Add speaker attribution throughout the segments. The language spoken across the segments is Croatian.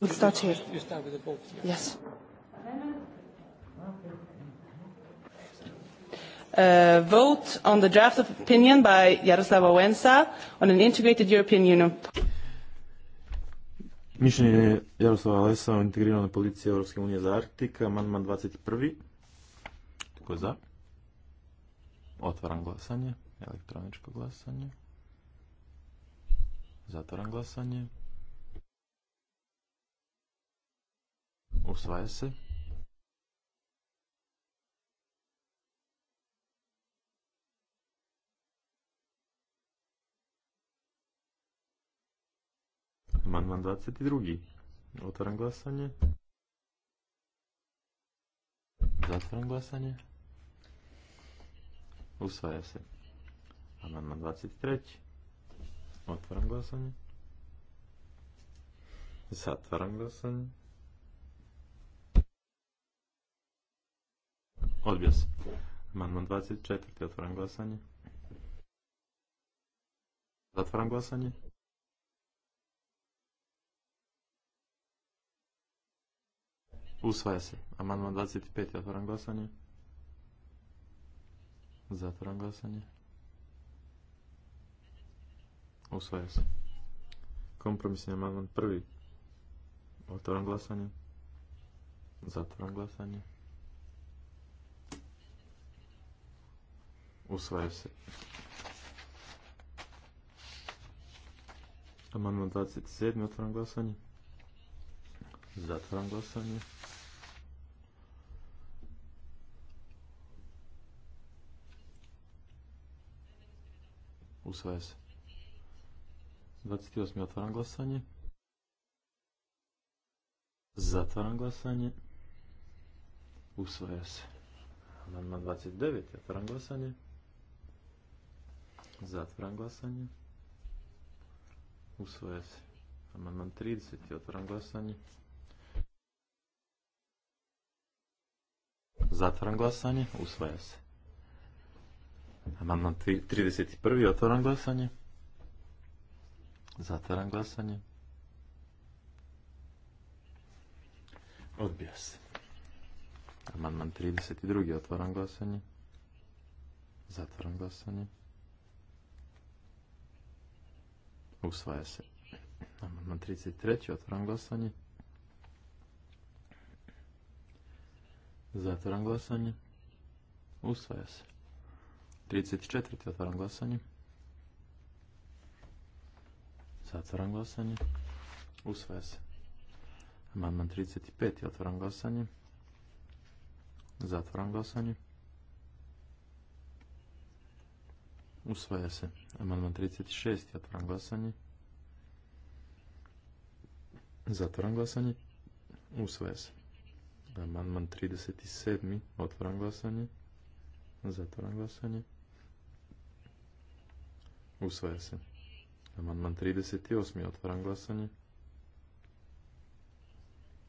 Speaker 1: We'll start here. You start with the
Speaker 2: Yeah. Yes. Uh, vote on the draft of opinion by Jaroslav Wałęsa on an integrated European Union.
Speaker 3: Mišljenje Jaroslava Lesa o integriranoj politici Europske unije za Arktik, amandman 21. Tko je za? Otvaram glasanje, elektroničko glasanje. Zatvaram glasanje. Usvaja se. Amandman 22. Otvaram glasanje. Zatvaram glasanje. Usvaja se. Amandman 23. Otvaram glasanje. Zatvaram glasanje. Odbio se. Amandman 24. Otvaram glasanje. Zatvaram glasanje. Usvaja se. Amandman 25. Otvaram glasanje. Zatvaram glasanje. Usvaja se. Kompromisni amandman prvi. Otvaram glasanje. Zatvaram glasanje. Usvaja se. Amandman 27. otvoram glasanje. Zatvaram glasanje. Usvaja se. 28. Otvaram glasanje. Zatvaram glasanje. Usvaja se. Amandman 29. Otvaram glasanje. Zatvaram glasanje. Usvoja se. Amandman 30. Otvaram glasanje. Zatvaram glasanje. Usvaja se. Amandman 31. Otvaram glasanje. Zatvaram glasanje. Odbija se. Amandman 32. Otvaram glasanje. Zatvaram glasanje. Usvaja se. Amandman 33. Otvaram glasanje. Zatvaram glasanje. Usvaja se. 34. Otvaram glasanje. Zatvaram glasanje. Usvaja se. Amandman 35. Otvaram glasanje. Zatvaram glasanje. Usvaja se. Amandman 36. Otvaram glasanje. Zatvaram glasanje. Usvaja se. Amandman 37. Otvaram glasanje. Zatvaram glasanje. Usvaja se. Amandman 38. Otvaram glasanje.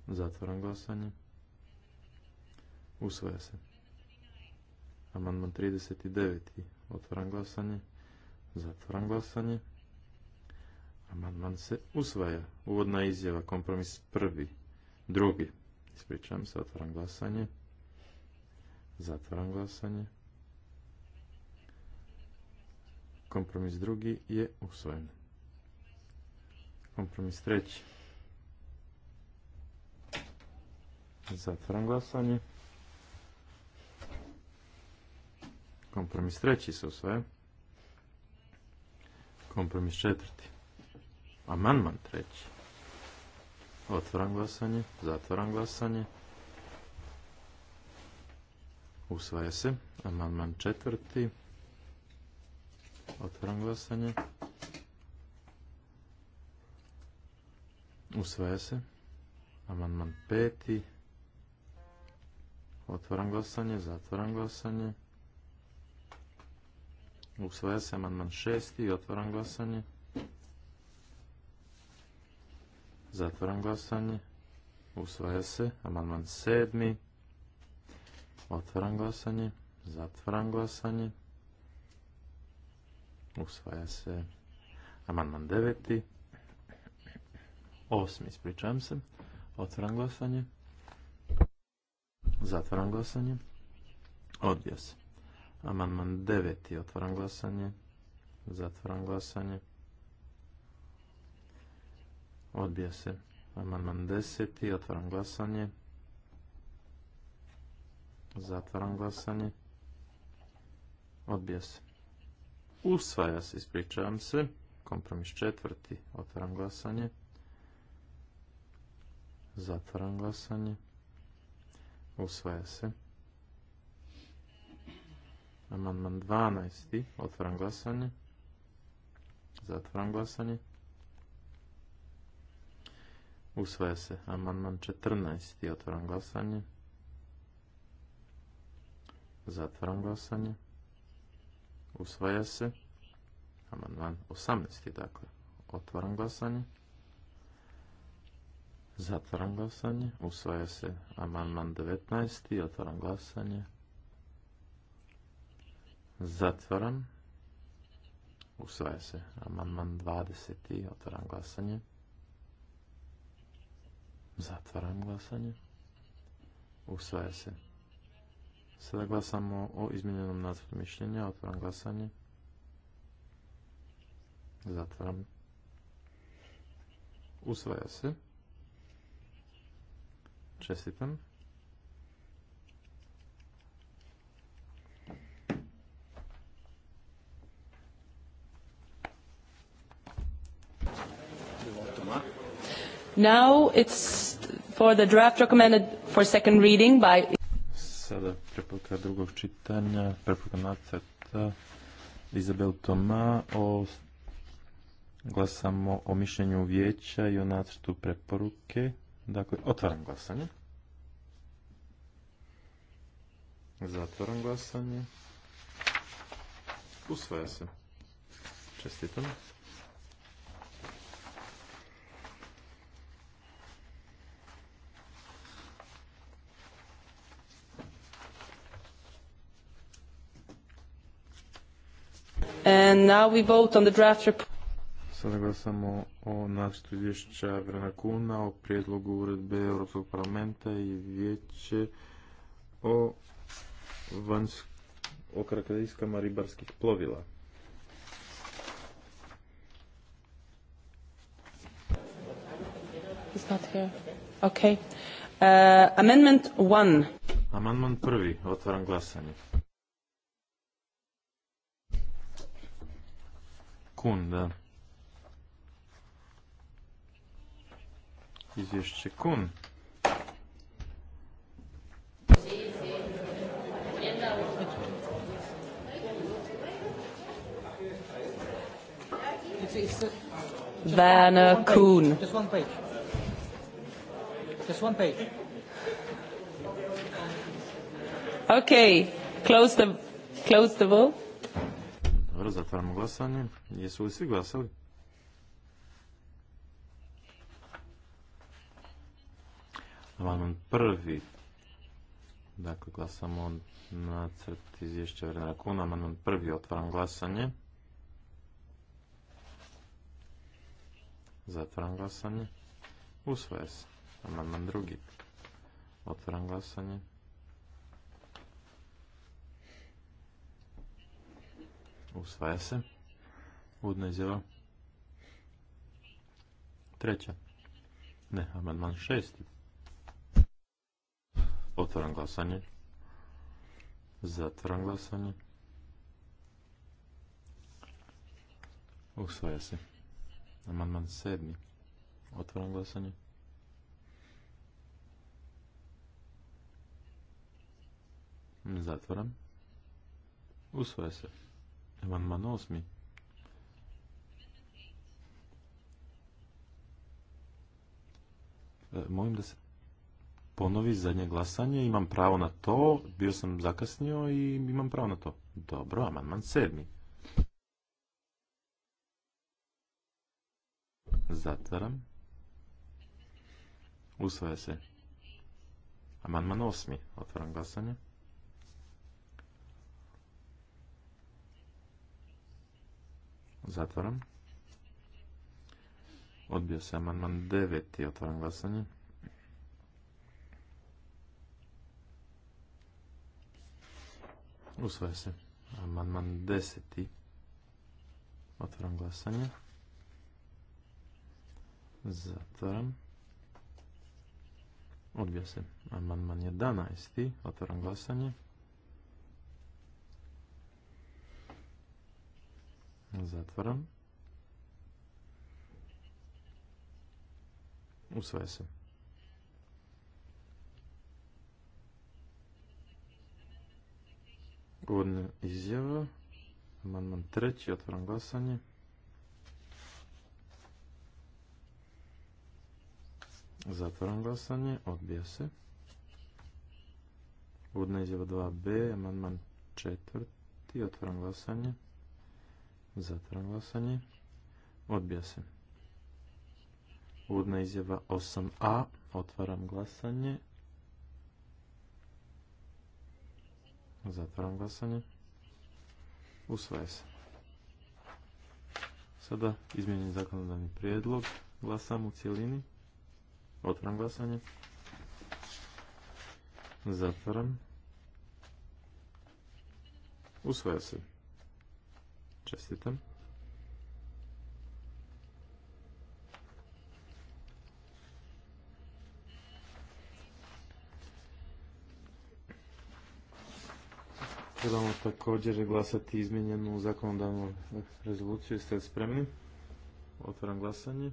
Speaker 3: Zatvaram glasanje. Usvaja se. Amandman 39. Otvaram glasanje. Zatvaram glasanje. Amandman se usvaja. Uvodna izjava, kompromis prvi, drugi. Ispričavam se, otvaram glasanje. Zatvaram glasanje. Kompromis drugi je usvojen. Kompromis treći. Zatvaram glasanje. Kompromis treći se usvaja. Kompromis četvrti. Amandman treći. Otvaram glasanje, zatvaram glasanje. Usvaja se. Amandman četvrti. Otvaram glasanje. Usvaja se. Amandman peti. Otvaram glasanje, zatvaram glasanje. Usvaja se amandman šesti. Otvaram glasanje. Zatvaram glasanje. Usvaja se amandman sedmi. Otvaram glasanje. Zatvaram glasanje. Usvaja se amandman deveti. Osmi, ispričavam se. Otvaram glasanje. Zatvaram glasanje. Odbija se. Amandman 9. Otvaram glasanje. Zatvaram glasanje. Odbija se. Amandman 10. Otvaram glasanje. Zatvaram glasanje. Odbija se. Usvaja se, ispričavam se. Kompromis četvrti. Otvaram glasanje. Zatvaram glasanje. Usvaja se. Amandman 12. Otvaram glasanje. Zatvaram glasanje. Usvaja se. Amandman 14. Otvaram glasanje. Zatvaram glasanje. Usvaja se. Amandman 18. Dakle, otvaram glasanje. Zatvaram glasanje. Usvaja se amandman 19. Otvaram glasanje. Zatvaram. Usvaja se amandman 20. Otvaram glasanje. Zatvaram glasanje. Usvaja se. Sada glasamo o izmjenjenom nacrtu mišljenja. Otvaram glasanje. Zatvaram. Usvaja se. Čestitam.
Speaker 2: Now it's for the draft
Speaker 3: Sada preporuka drugog čitanja, preporuka nacrta Izabel Toma o glasamo o mišljenju vijeća i o nacrtu preporuke. Dakle, otvaram glasanje. Zatvaram glasanje. Usvaja se. Čestitam.
Speaker 2: And now we vote on the draft report.
Speaker 3: Sada glasamo o nacrtu izvješća Vrena Kuna, o prijedlogu uredbe Europskog parlamenta i vijeće o vanjskom o karakteristikama ribarskih plovila.
Speaker 2: He's not Okay. Uh, amendment one.
Speaker 3: Amendment prvi. Otvaram glasanje. Kun, da. Izvješće Kun.
Speaker 1: Werner Kuhn.
Speaker 2: Just one page. Just one page. Okay, close the, close the vote.
Speaker 3: Dobro, glasanje. Jesu li svi glasali? Amandman prvi. Dakle, glasamo na crt izvješća vrna. Kuna. Amandman prvi, otvaram glasanje. Zatvaram glasanje. Usvaja se. Amandman drugi. Otvaram glasanje. Usvaja se. Udna izjava. Treća. Ne, amandman šesti. Otvaram glasanje. Zatvaram glasanje. Usvaja se. Amandman sedmi. Otvaram glasanje. Zatvaram. Usvaja se. Amandman osmi. E, molim da se ponovi zadnje glasanje. Imam pravo na to. Bio sam zakasnio i imam pravo na to. Dobro, amandman sedmi. Zatvaram. Usvaja se. Amandman osmi. Otvaram glasanje. Zatvaram. Odbio se amandman 9. Otvaram glasanje. Usvaja se amandman 10. Otvaram glasanje. Zatvaram. Odbio se amandman 11. Otvaram glasanje. Zatvaram. Usvaja se. Uvodna izjava. Amandman treći. Otvaram glasanje. Zatvaram glasanje. Odbija se. Uvodna izjava 2b. Amandman četvrti. Otvaram glasanje. Zatvaram glasanje. Odbija se. Uvodna izjava 8a. Otvaram glasanje. Zatvaram glasanje. Usvaja se. Sada izmijenjen zakonodavni prijedlog. Glasam u cijelini. Otvaram glasanje. Zatvaram. Usvaja se. Čestitam. Trebamo također glasati izmjenjenu zakonodavnu rezoluciju. Jeste li spremni? Otvaram glasanje.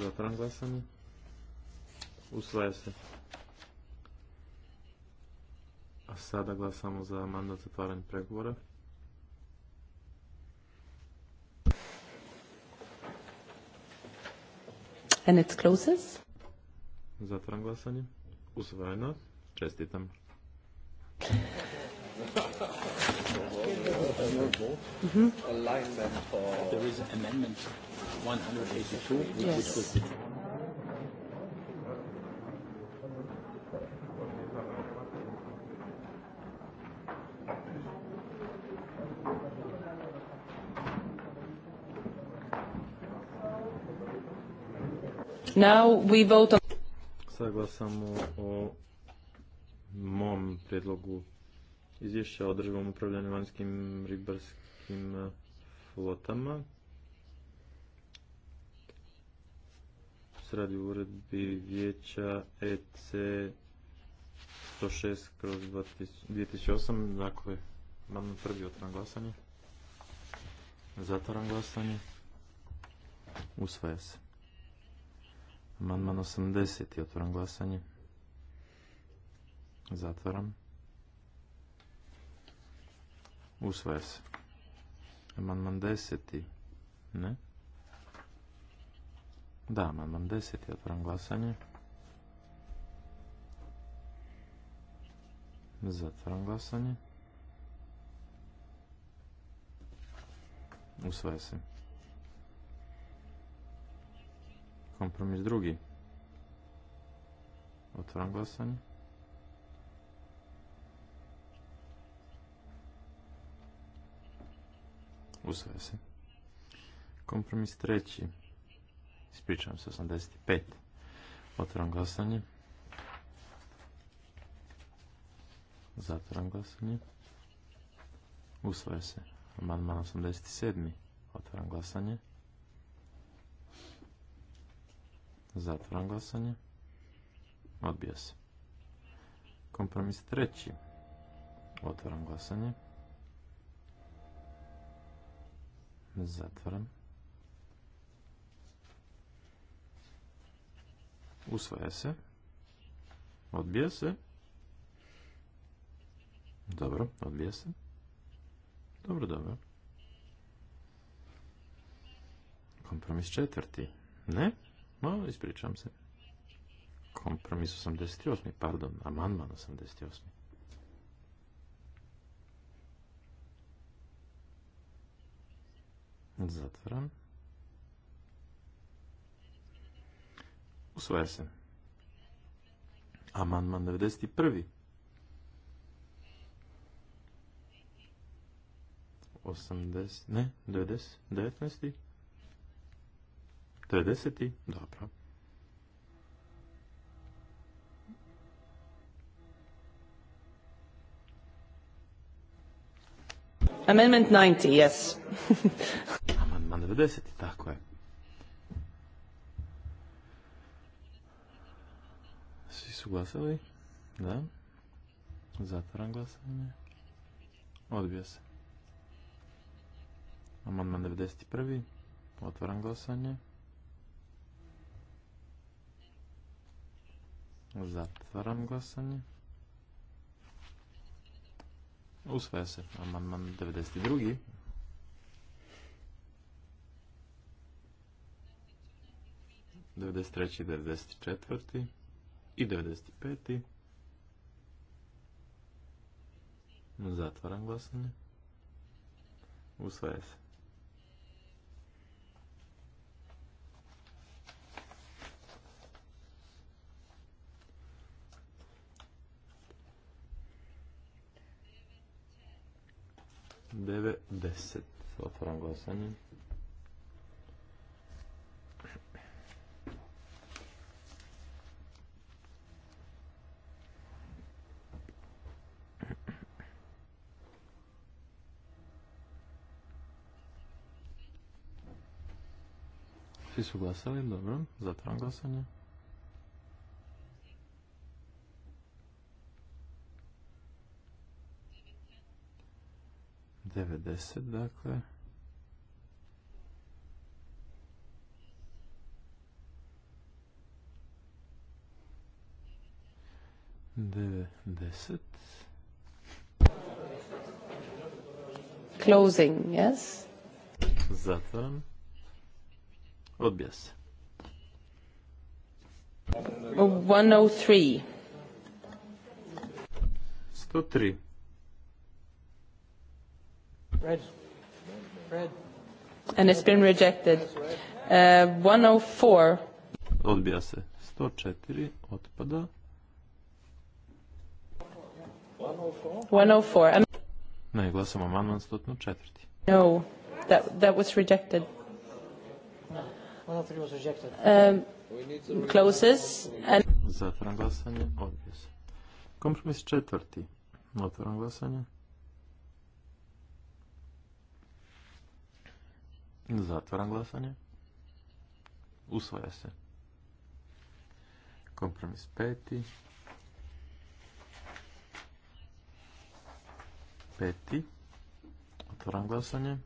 Speaker 3: Zatvaram glasanje. Usvaja se. A sada glasamo za mandat zatvaranja pregovora.
Speaker 2: And it closes.
Speaker 3: Zatvaram glasanje. Usvojeno. Čestitam. Mm
Speaker 2: -hmm. Alignment for... There is amendment 182, which yes. was... Now
Speaker 3: o mom predlogu izvješća o državom upravljanju vanjskim ribarskim e, flotama. Sradi radi u uredbi vijeća EC 106 kroz 2008. Dakle, imamo prvi otvoran glasanje. Zatvaram glasanje. Usvaja se. Amandman 80. Otvoram glasanje. Zatvaram. Usvaja se. Amandman 10. Ne. Da, amandman 10. Otvoram glasanje. Zatvaram glasanje. Usvaja se. Kompromis drugi. Otvaram glasanje. Usvaja se. Kompromis treći. Ispričavam se, 85. Otvaram glasanje. Zatvaram glasanje. Usvaja se. Amandman 87. Otvaram glasanje. Zatvoram glasanje. Odbija se. Kompromis treći. Otvaram glasanje. Zatvaram. Usvaja se. Odbija se. Dobro, odbija se. Dobro, dobro. Kompromis četvrti. Ne? No, ispričam se. Kompromis 88. Pardon, amandman 88. Zatvaram. Usvaja se. Amandman 91. Osamdeset, ne, devedeset, devetnesti, 90. Dobro.
Speaker 2: Amendment 90, yes.
Speaker 3: Amendment 90, tako je. Svi su glasali? Da. Zatvaram glasanje. Odbija se. Amendment 91. Otvaram glasanje. Zatvaram glasanje. Usvaja se amandman 92. devedeset treći, devedeset četvrti i devedeset peti. Zatvaram glasanje. Usvaja se. 9.10. Otvoram glasanje. Svi su glasali, dobro, zatvoram glasanje. 90, dakle. Devedeset.
Speaker 2: Closing, yes.
Speaker 3: Zatvaram. Odbija se.
Speaker 2: 103.
Speaker 3: 103.
Speaker 2: Red. Red. And it's been rejected. Uh, 104.
Speaker 3: Odbija se. 104
Speaker 2: otpada. 104.
Speaker 3: Ne, glasamo amandman 104.
Speaker 2: No, that, that was rejected. No, oh was rejected. Um, closes. And... Zatvoram
Speaker 3: glasanje, odbija se. Kompromis četvrti. Otvoram glasanje. Zatvaram glasanje. Usvaja se. Kompromis peti. Peti. Otvaram glasanje.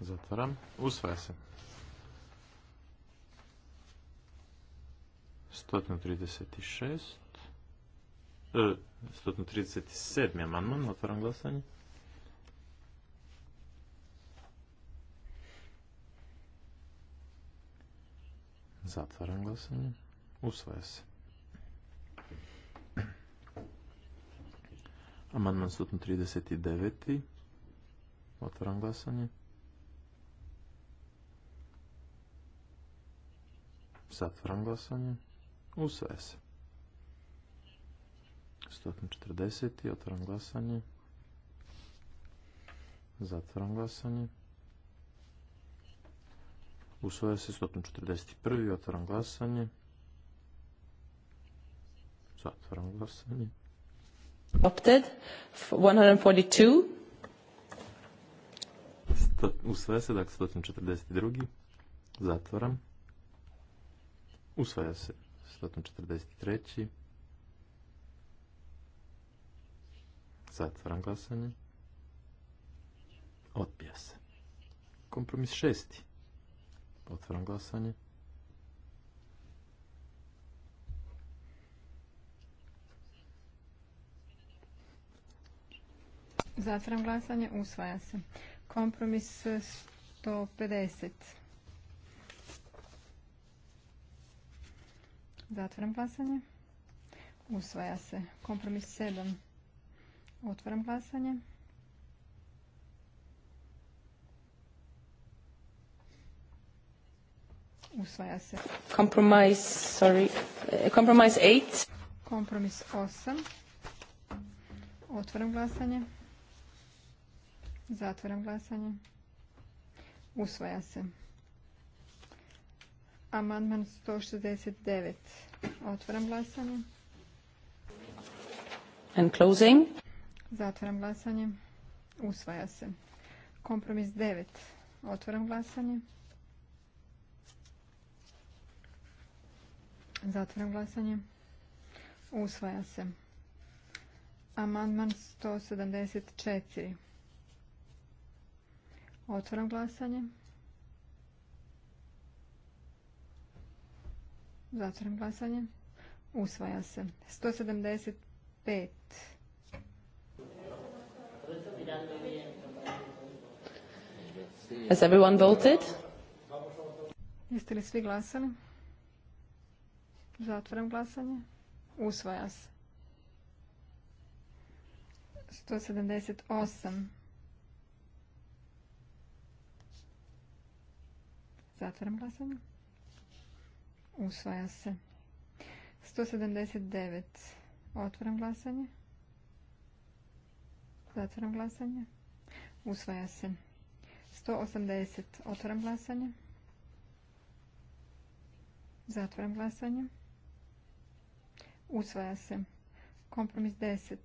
Speaker 3: Zatvaram. Usvaja se. 136. 137. E, amandman, otvaram glasanje. Zatvaram glasanje. Usvaja se. Amandman 139. Otvaram glasanje. Zatvaram glasanje. Usvaja se. 140. Otvaram glasanje. Zatvaram glasanje. Usvaja se 141. Otvaram glasanje. Zatvaram glasanje.
Speaker 2: Opted. 142.
Speaker 3: Usvaja se, dakle, 142. Zatvaram. Usvaja se tri Zatvaram glasanje. Odbija se. Kompromis šesti. Otvaram glasanje.
Speaker 1: Zatvaram glasanje. Usvaja se. Kompromis 150. Zatvaram glasanje. Usvaja se. Kompromis 7. Otvaram glasanje. Usvaja se.
Speaker 2: Kompromis, sorry, eh, kompromis 8.
Speaker 1: Kompromis 8. Otvaram glasanje. Zatvaram glasanje. Usvaja se. Amandman 169. Otvaram glasanje.
Speaker 2: And closing.
Speaker 1: Zatvaram glasanje. Usvaja se. Kompromis 9. Otvaram glasanje. Zatvaram glasanje. Usvaja se. Amandman 174. Otvaram glasanje. Zatvorim glasanje. Usvaja se. 175.
Speaker 2: Has everyone voted?
Speaker 1: Jeste li svi glasali? Zatvorim glasanje. Usvaja se. 178. zatvaram glasanje. Usvaja se. 179. Otvaram glasanje. Zatvaram glasanje. Usvaja se. 180. Otvaram glasanje. Zatvaram glasanje. Usvaja se. Kompromis 10.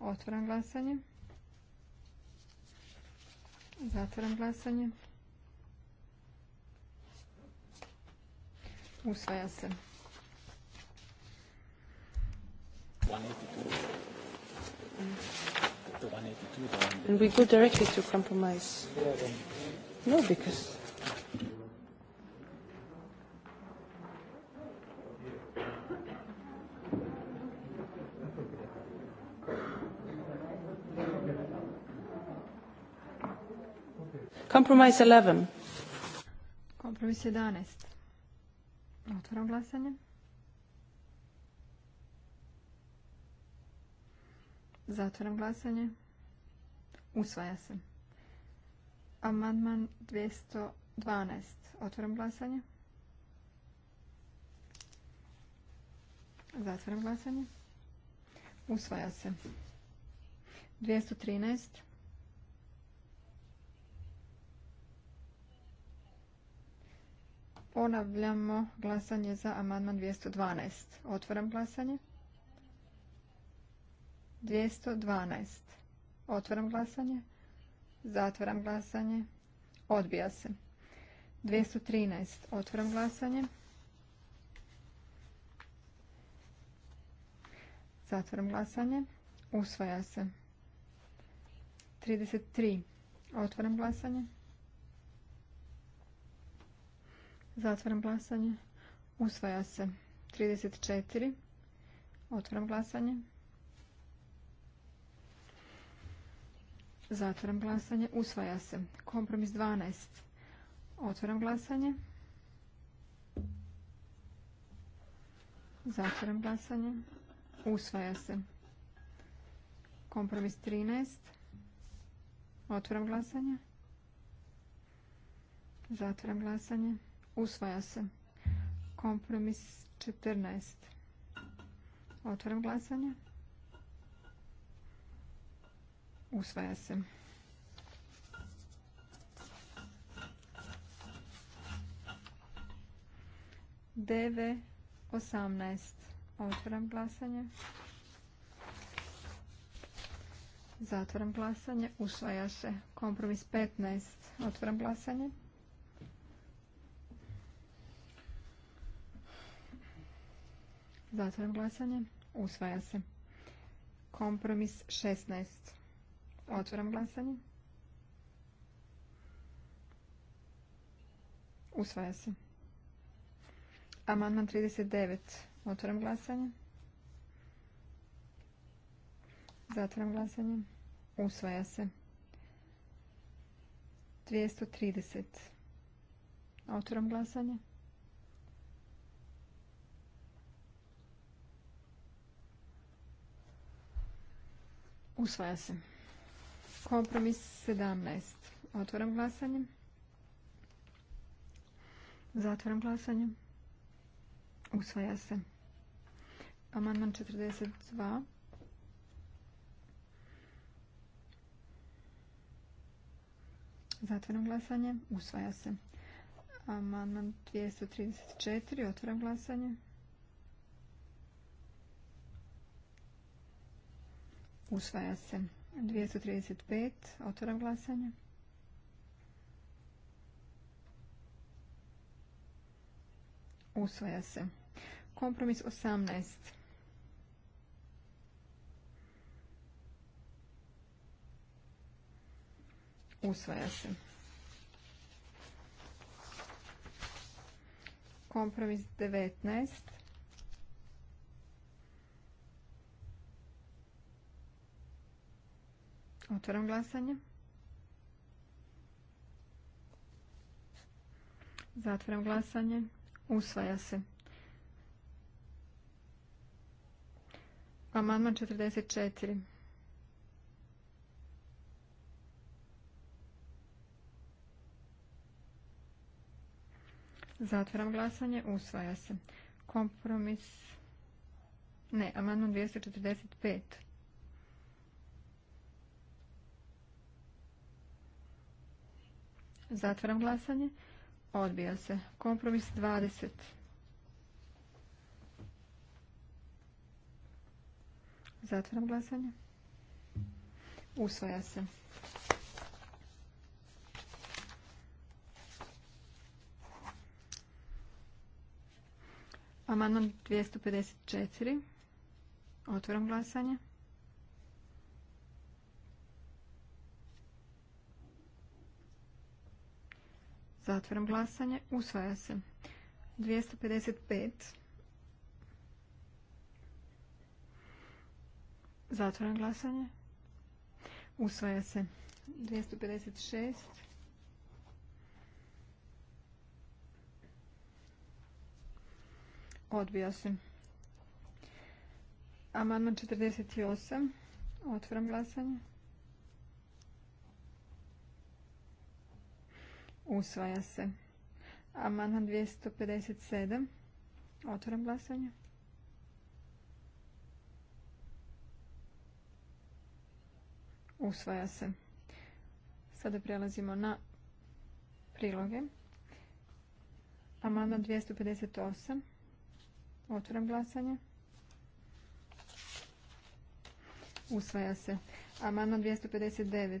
Speaker 1: Otvaram glasanje. Zatvaram glasanje. Usvaja se.
Speaker 2: And we go directly to compromise. No, because... Compromise 11.
Speaker 1: Compromise 11. Otvaram glasanje. Zatvaram glasanje. Usvaja se. Amandman 212. Otvaram glasanje. Zatvaram glasanje. Usvaja se. 213. Ponavljamo glasanje za amandman 212. Otvaram glasanje. 212. Otvaram glasanje. Zatvaram glasanje. Odbija se. 213. Otvaram glasanje. Zatvaram glasanje. Usvaja se. 33. Otvaram glasanje. Zatvaram glasanje. Usvaja se. 34. Otvaram glasanje. Zatvaram glasanje. Usvaja se. Kompromis 12. Otvaram glasanje. Zatvaram glasanje. Usvaja se. Kompromis 13. Otvaram glasanje. Zatvaram glasanje. Usvaja se. Kompromis 14. Otvaram glasanje. Usvaja se. DV 18. Otvaram glasanje. Zatvaram glasanje. Usvaja se. Kompromis 15. Otvaram glasanje. Zatvaram glasanje. Usvaja se. Kompromis 16. Otvaram glasanje. Usvaja se. Amandman 39. Otvaram glasanje. Zatvaram glasanje. Usvaja se. 230. Otvaram glasanje. Usvaja se. Kompromis 17. Otvaram glasanje. Zatvaram glasanje. Usvaja se. Amandman 42. Zatvaram glasanje. Usvaja se. Amandman 234. Otvaram glasanje. Usvaja se. 235. Otvoram glasanje. Usvaja se. Kompromis 18. Usvaja se. Kompromis 19. Otvaram glasanje. Zatvaram glasanje. Usvaja se. Amandman 44. Zatvaram glasanje. Usvaja se. Kompromis. Ne, amandman 245. Zatvaram glasanje. Odbija se. Kompromis 20. Zatvaram glasanje. Usvoja se. Amandman 254. Otvaram glasanje. Zatvaram glasanje. Usvaja se. 255. Zatvaram glasanje. Usvaja se. 256. Odbija se. Amandman 48. Otvoram glasanje. Usvaja se. Amandman 257. Otvoram glasanje. Usvaja se. Sada prelazimo na priloge. Amandman 258. Otvoram glasanje. Usvaja se. Amandman 259.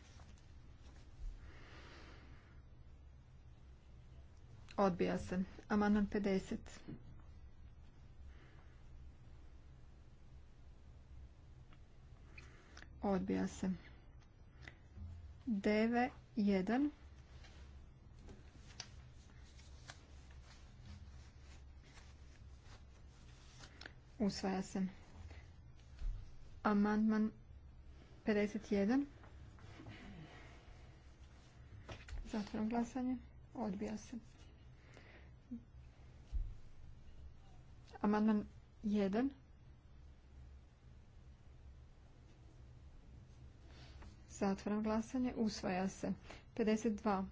Speaker 1: Odbija se. Amandman 50. Odbija se. 9, 1. Usvaja se. Amandman 51. Zatvorom glasanje. Odbija se. Amandman 1. Zatvoram glasanje. Usvaja se. 52.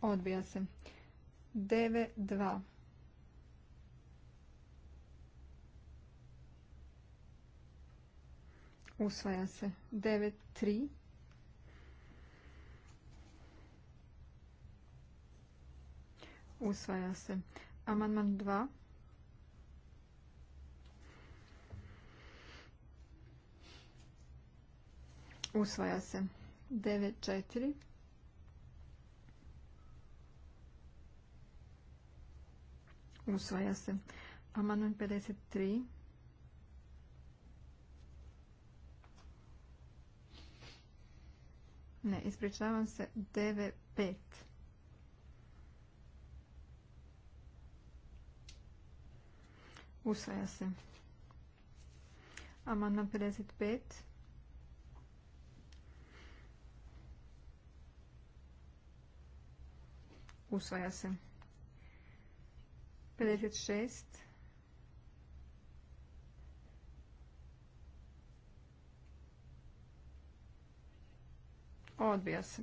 Speaker 1: Odbija se. 9.2. Usvaja se. 9.3. Usvaja se. Amandman 2. Usvaja se. 9.4. Usvaja se. Amandman 53. Ne, ispričavam se. 9.5. Usvaja se. Amandman 55. Usvaja se. 56. Odbija se.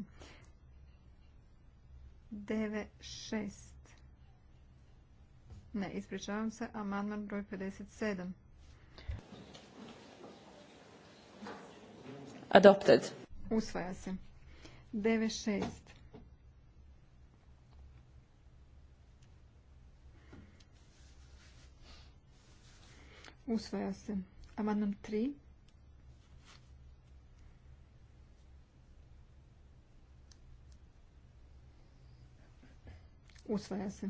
Speaker 1: 9, 6. Ne, ispričavam se, amandman broj 57. Adopted. Usvaja se. 96. Usvaja se. Amandman 3. Usvaja se.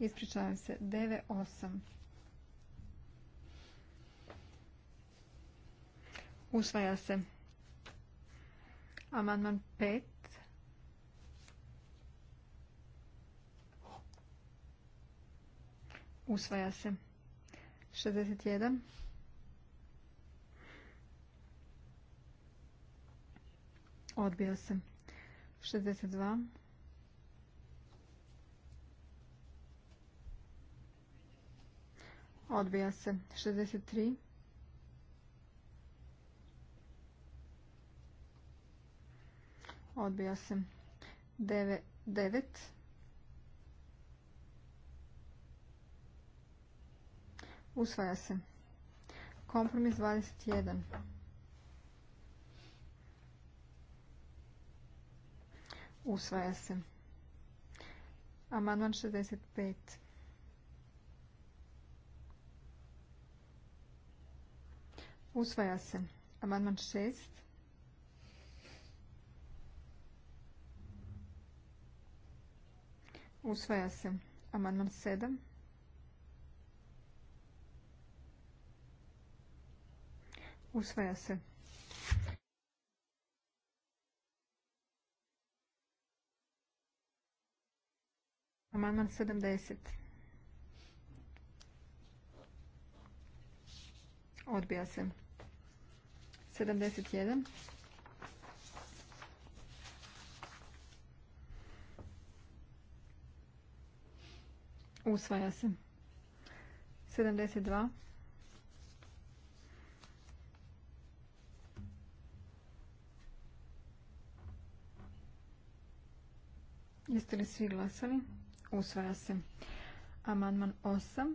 Speaker 1: Ispričavam se. 9.8. Usvaja se. Amandman 5. Usvaja se. 61. Odbija se. 62. Odbija se. 63. Odbija se. 9. Usvaja se. Kompromis 21. Usvaja se. Amandman 65. Usvaja se. Amandman 6. Usvaja se. Amandman 7. Usvaja se. Amandman 70. Odbija se. 71. Usvaja se. 72. Jeste li svi glasali? Usvaja se. Amandman 8.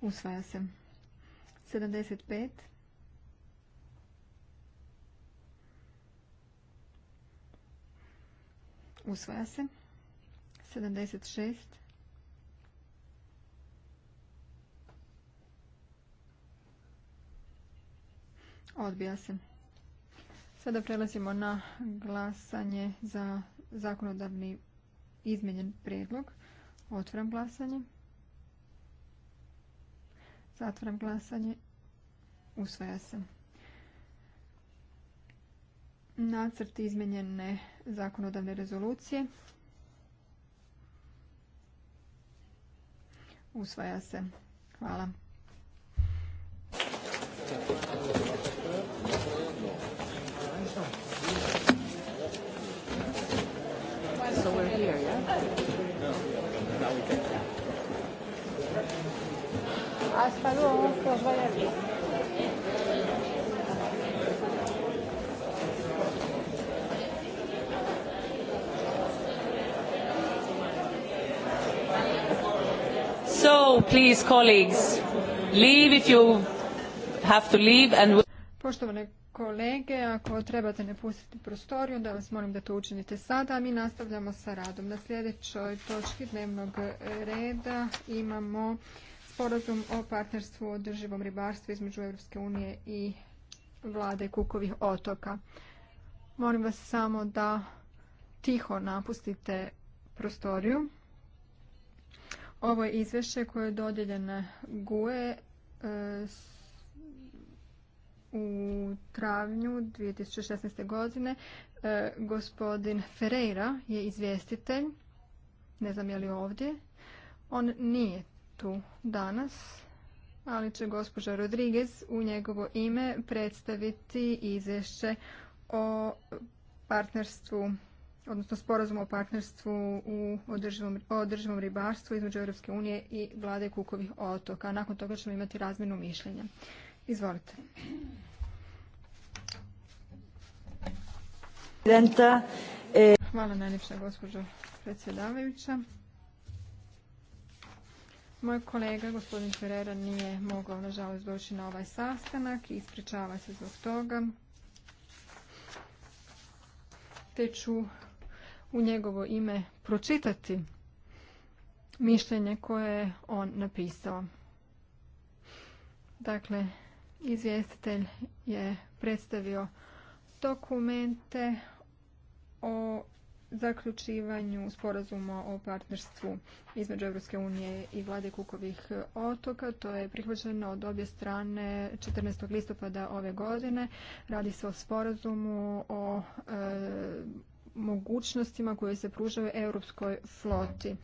Speaker 1: Usvaja se. 75. Usvaja se. 76. Odbija se. Sada prelazimo na glasanje za zakonodavni izmenjen prijedlog. Otvaram glasanje. Zatvaram glasanje. Usvaja se. Nacrt izmenjene zakonodavne rezolucije. Usvaja se. Hvala.
Speaker 2: So, please, colleagues, leave if you have to leave and...
Speaker 1: Poštovane kolege, ako trebate ne pustiti prostoriju, onda vas molim da to učinite sada. mi nastavljamo sa radom. Na sljedećoj točki dnevnog reda imamo sporazum o partnerstvu o održivom ribarstvu između Europske unije i vlade Kukovih otoka. Molim vas samo da tiho napustite prostoriju. Ovo je izvješće koje je dodijeljeno GUE e, u travnju 2016. godine. E, gospodin Ferreira je izvjestitelj, ne znam je li ovdje. On nije tu danas, ali će gospođa Rodriguez u njegovo ime predstaviti izvješće o partnerstvu odnosno sporazum o partnerstvu u održivom, održivom ribarstvu između Europske unije i vlade Kukovih otoka. Nakon toga ćemo imati razmjenu mišljenja. Izvolite. E- Hvala najljepša gospođa predsjedavajuća. Moj kolega, gospodin Ferreira, nije mogao, nažalost, doći na ovaj sastanak i ispričava se zbog toga. Te ću u njegovo ime pročitati mišljenje koje je on napisao. Dakle, izvjestitelj je predstavio dokumente o zaključivanju sporazuma o partnerstvu između EU unije i vlade Kukovih otoka. To je prihvaćeno od obje strane 14. listopada ove godine. Radi se o sporazumu o e, mogućnostima koje se pružaju europskoj floti.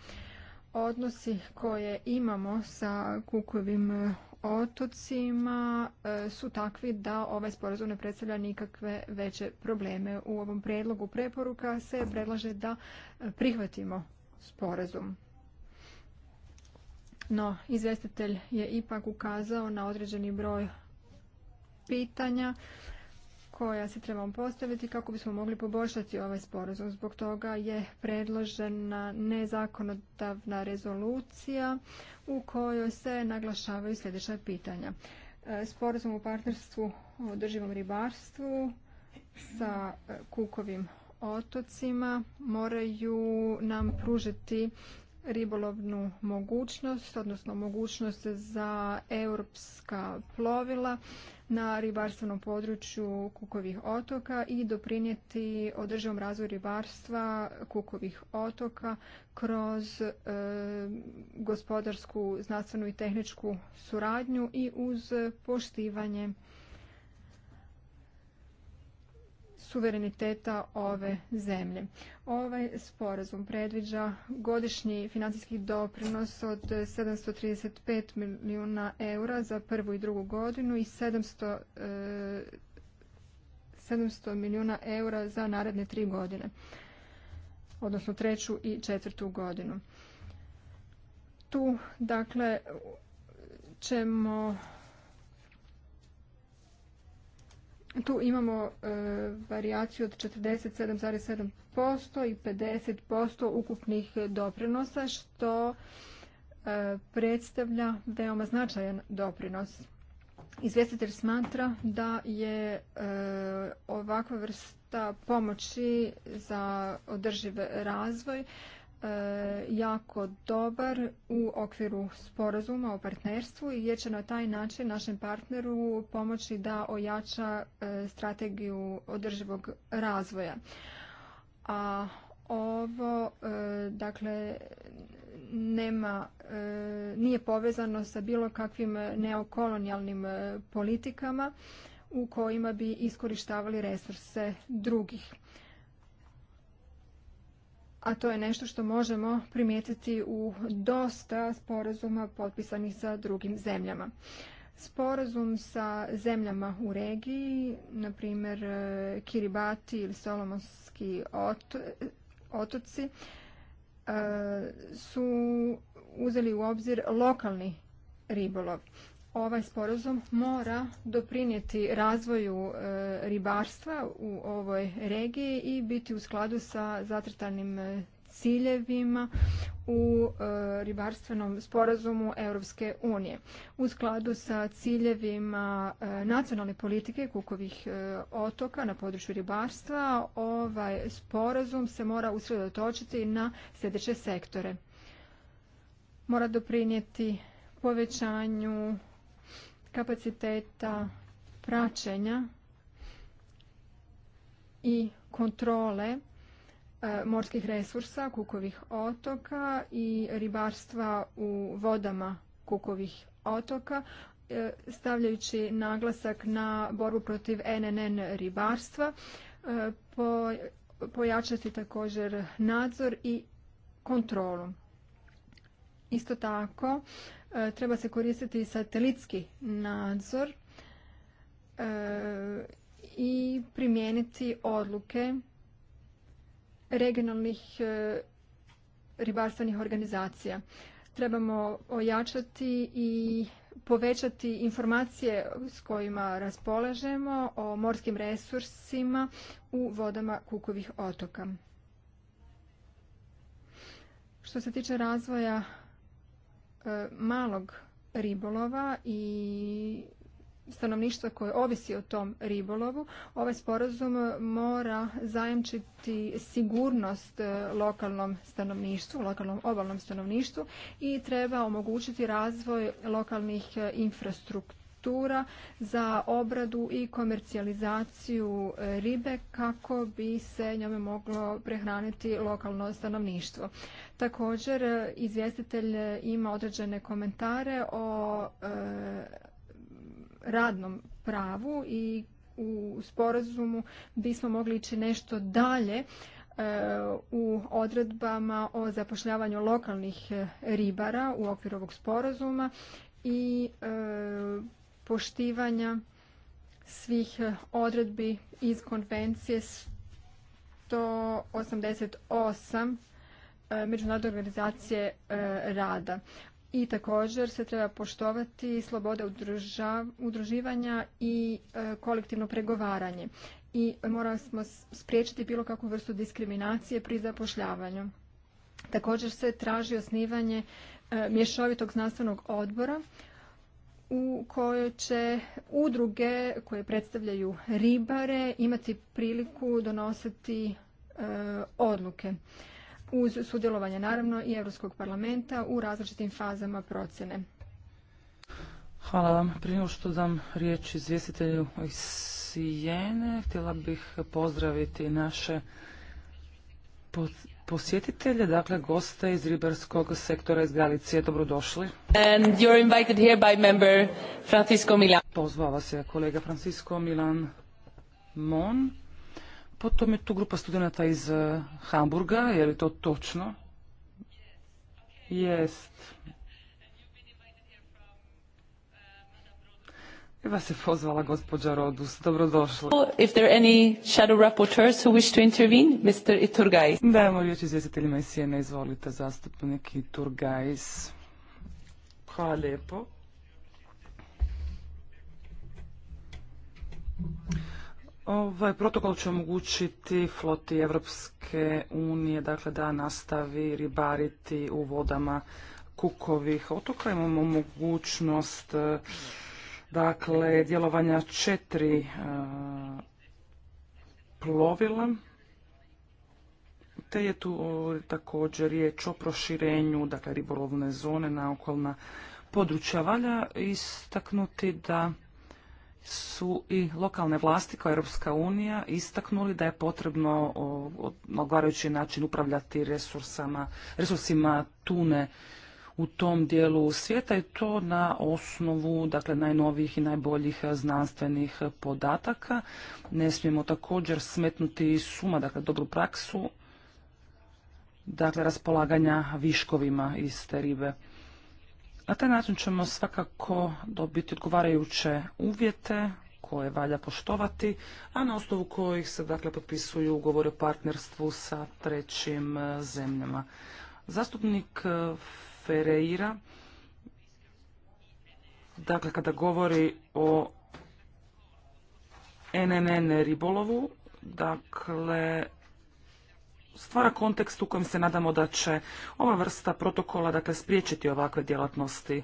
Speaker 1: Odnosi koje imamo sa Kukovim otocima e, su takvi da ovaj sporazum ne predstavlja nikakve veće probleme. U ovom predlogu preporuka se predlaže da prihvatimo sporazum. No, izvestitelj je ipak ukazao na određeni broj pitanja koja se trebamo postaviti kako bismo mogli poboljšati ovaj sporazum. Zbog toga je predložena nezakonodavna rezolucija u kojoj se naglašavaju sljedeća pitanja. E, sporazum u partnerstvu u održivom ribarstvu sa e, Kukovim otocima moraju nam pružiti ribolovnu mogućnost, odnosno mogućnost za europska plovila na ribarstvenom području Kukovih otoka i doprinijeti održivom razvoju ribarstva Kukovih otoka kroz e, gospodarsku, znanstvenu i tehničku suradnju i uz poštivanje suvereniteta ove zemlje. Ovaj sporazum predviđa godišnji financijski doprinos od 735 milijuna eura za prvu i drugu godinu i 700, e, milijuna eura za naredne tri godine, odnosno treću i četvrtu godinu. Tu, dakle, ćemo tu imamo e, varijaciju od 47,7% i 50% ukupnih doprinosa, što e, predstavlja veoma značajan doprinos. Izvjestitelj smatra da je e, ovakva vrsta pomoći za održiv razvoj E, jako dobar u okviru sporazuma o partnerstvu i gdje će na taj način našem partneru pomoći da ojača e, strategiju održivog razvoja. A ovo e, dakle nema nije povezano sa bilo kakvim neokolonijalnim politikama u kojima bi iskorištavali resurse drugih a to je nešto što možemo primijetiti u dosta sporazuma potpisanih sa drugim zemljama. Sporazum sa zemljama u regiji, na primjer e, Kiribati ili Solomonski otoci, e, su uzeli u obzir lokalni ribolov ovaj sporazum mora doprinijeti razvoju e, ribarstva u ovoj regiji i biti u skladu sa zatrtanim e, ciljevima u e, ribarstvenom sporazumu Europske unije. U skladu sa ciljevima nacionalne politike kukovih otoka na području ribarstva, ovaj sporazum se mora usredotočiti na sljedeće sektore. Mora doprinijeti povećanju kapaciteta praćenja i kontrole e, morskih resursa Kukovih otoka i ribarstva u vodama Kukovih otoka e, stavljajući naglasak na borbu protiv NNN ribarstva e, pojačati također nadzor i kontrolu. Isto tako E, treba se koristiti satelitski nadzor e, i primijeniti odluke regionalnih e, ribarstvenih organizacija. Trebamo ojačati i povećati informacije s kojima raspolažemo o morskim resursima u vodama Kukovih otoka. Što se tiče razvoja E, malog ribolova i stanovništva koje ovisi o tom ribolovu, ovaj sporazum mora zajamčiti sigurnost e, lokalnom stanovništvu, lokalnom obalnom stanovništvu i treba omogućiti razvoj lokalnih e, infrastruktura za obradu i komercijalizaciju e, ribe kako bi se njome moglo prehraniti lokalno stanovništvo. Također, e, izvjestitelj ima određene komentare o e, radnom pravu i u sporazumu bismo mogli ići nešto dalje u odredbama o zapošljavanju lokalnih ribara u okviru ovog sporazuma i poštivanja svih eh, odredbi iz konvencije 188 eh, Međunarodne organizacije eh, rada. I također se treba poštovati sloboda udruživanja i kolektivno pregovaranje. I morali smo spriječiti bilo kakvu vrstu diskriminacije pri zapošljavanju. Također se traži osnivanje mješovitog znanstvenog odbora u kojoj će udruge koje predstavljaju ribare imati priliku donositi e, odluke uz sudjelovanje naravno i Europskog parlamenta u različitim fazama procjene.
Speaker 2: Hvala vam. Prije što dam riječ izvjestitelju iz Sijene, htjela bih pozdraviti naše posjetitelje, dakle goste iz ribarskog sektora iz Galicije. Dobrodošli. And you're invited here by member Milan. Pozvao vas je kolega Francisco Milan Mon. Potom je tu grupa studenta iz eh, Hamburga, je li to točno? Jest. vas je pozvala gospođa Rodus. Dobrodošla. If there are any shadow rapporteurs who wish to intervene, Mr. Dajemo riječ izvjestiteljima iz Sijene. Izvolite, zastupnik Iturgais. Hvala lijepo. Ovaj protokol će omogućiti floti Evropske unije dakle, da nastavi ribariti u vodama Kukovih otoka. Imamo mogućnost dakle djelovanja četiri e, plovila te je tu također riječ o proširenju dakle ribolovne zone na okolna područja valja istaknuti da su i lokalne vlasti kao Europska unija istaknuli da je potrebno na odgovarajući način upravljati resursama, resursima tune u tom dijelu svijeta i to na osnovu dakle, najnovijih i najboljih znanstvenih podataka. Ne smijemo također smetnuti suma, dakle dobru praksu, dakle raspolaganja viškovima iz te ribe. Na taj način ćemo svakako dobiti odgovarajuće uvjete koje valja poštovati, a na osnovu kojih se dakle potpisuju ugovori o partnerstvu sa trećim eh, zemljama. Zastupnik eh, Ferreira, dakle kada govori o NNN ribolovu, dakle stvara kontekst u kojem se nadamo da će ova vrsta protokola dakle spriječiti ovakve djelatnosti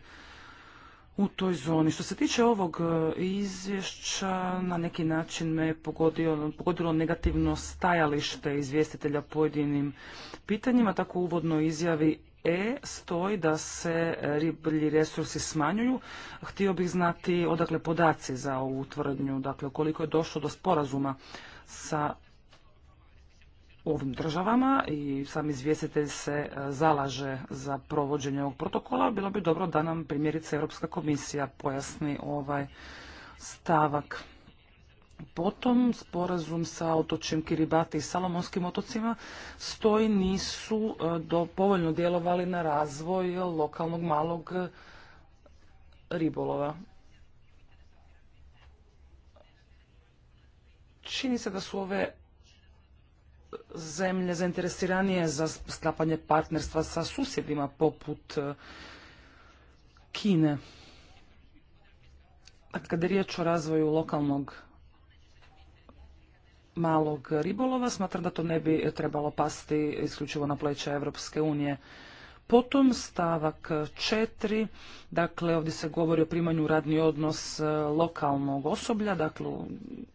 Speaker 2: u toj zoni. Što se tiče ovog e, izvješća, na neki način me pogodilo, pogodilo negativno stajalište izvjestitelja pojedinim pitanjima, tako uvodno izjavi E stoji da se riblji resursi smanjuju. Htio bih znati odakle podaci za ovu tvrdnju, dakle koliko je došlo do sporazuma sa ovim državama i sam izvjestitelj se e, zalaže za provođenje ovog protokola. Bilo bi dobro da nam primjerice Europska komisija pojasni ovaj stavak. Potom sporazum sa otočjem Kiribati i Salomonskim otocima stoji nisu e, do, povoljno djelovali na razvoj lokalnog malog e, ribolova. Čini se da su ove zemlje zainteresiranije za sklapanje partnerstva sa susjedima poput e, Kine. Dakle, Kada je riječ o razvoju lokalnog malog ribolova. Smatram da to ne bi trebalo pasti isključivo na pleća Europske unije. Potom stavak četiri. dakle ovdje se govori o primanju radni odnos e, lokalnog osoblja, dakle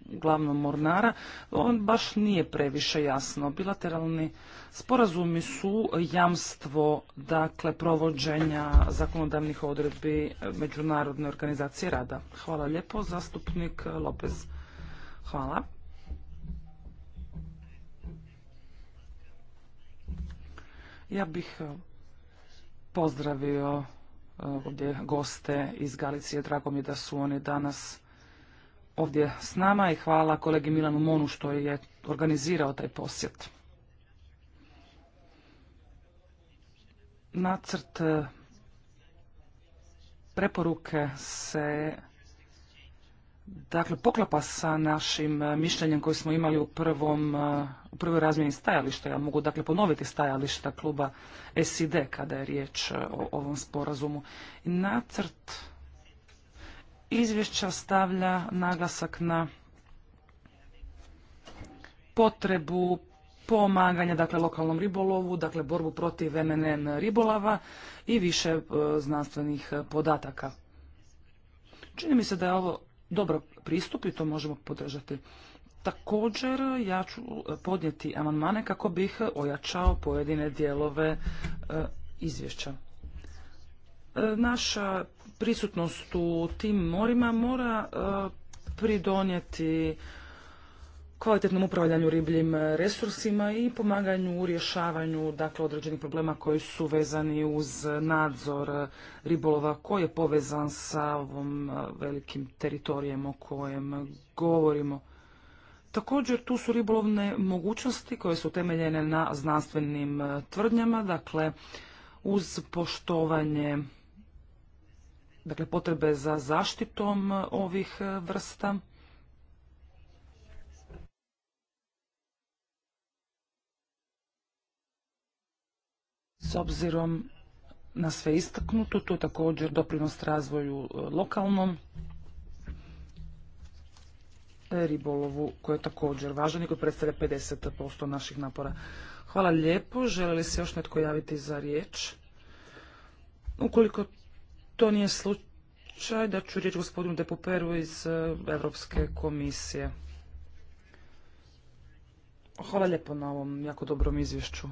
Speaker 2: glavnom mornara, on baš nije previše jasno. Bilateralni sporazumi su jamstvo dakle provođenja zakonodavnih odredbi Međunarodne organizacije rada. Hvala lijepo, zastupnik Lopez. Hvala. Ja bih e, pozdravio e, ovdje goste iz Galicije. Drago mi je da su oni danas ovdje s nama i hvala kolegi Milanu Monu što je organizirao taj posjet. Nacrt e, preporuke se dakle poklapa sa našim mišljenjem koje smo imali u prvom u prvoj razmjeni stajališta. Ja mogu dakle ponoviti stajališta kluba SID kada je riječ e, o ovom sporazumu. Nacrt izvješća stavlja naglasak na potrebu pomaganja dakle lokalnom ribolovu, dakle borbu protiv MNN ribolava i više e, znanstvenih podataka. Čini mi se da je ovo dobro pristup i to možemo podržati. Također ja ću podnijeti amandmane kako bih ojačao pojedine dijelove e, izvješća. E, naša prisutnost u tim morima mora e, pridonijeti kvalitetnom upravljanju ribljim resursima i pomaganju u rješavanju dakle, određenih problema koji su vezani uz nadzor ribolova koji je povezan sa ovom velikim teritorijem o kojem govorimo. Također tu su ribolovne mogućnosti koje su temeljene na znanstvenim e, tvrdnjama, dakle uz poštovanje dakle, potrebe za zaštitom e, ovih e, vrsta. S obzirom na sve istaknuto, to je također doprinos razvoju lokalnom ribolovu koji je također važan i koji predstavlja 50% naših napora. Hvala lijepo. Želi li se još netko javiti za riječ? Ukoliko to nije slučaj, da ću riječ gospodinu Depoperu iz Europske komisije. Hvala lijepo na ovom jako dobrom izvješću.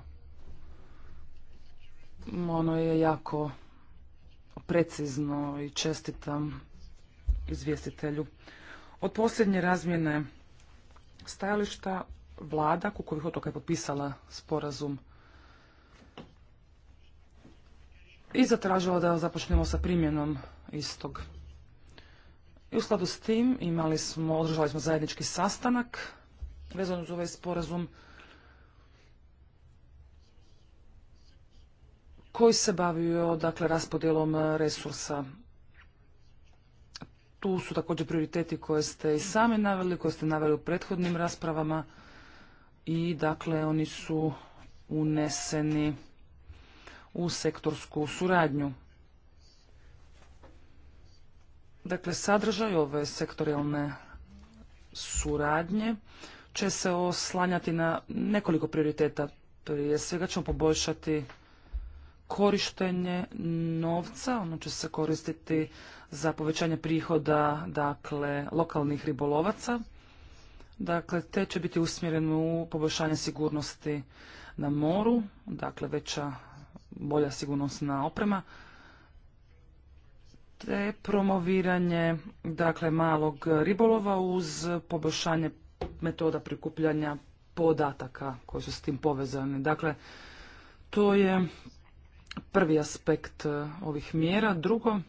Speaker 2: Ono je jako precizno i čestitam izvjestitelju. Od posljednje razmjene stajališta vlada Kukovih otoka je potpisala sporazum i zatražila da započnemo sa primjenom istog. I u skladu s tim imali smo, održali smo zajednički sastanak vezano uz ovaj sporazum koji se bavio dakle raspodjelom resursa tu su također prioriteti koje ste i sami naveli, koje ste naveli u prethodnim raspravama i dakle oni su uneseni u sektorsku suradnju. Dakle, sadržaj ove sektorijalne suradnje će se oslanjati na nekoliko prioriteta. Prije svega ćemo poboljšati korištenje novca, ono će se koristiti za povećanje prihoda dakle, lokalnih ribolovaca. Dakle, te će biti usmjeren u poboljšanje sigurnosti na moru, dakle veća, bolja sigurnosna oprema, te promoviranje dakle, malog ribolova uz poboljšanje metoda prikupljanja podataka koji su s tim povezani. Dakle, to je prvi aspekt eh, ovih mjera. Drugo,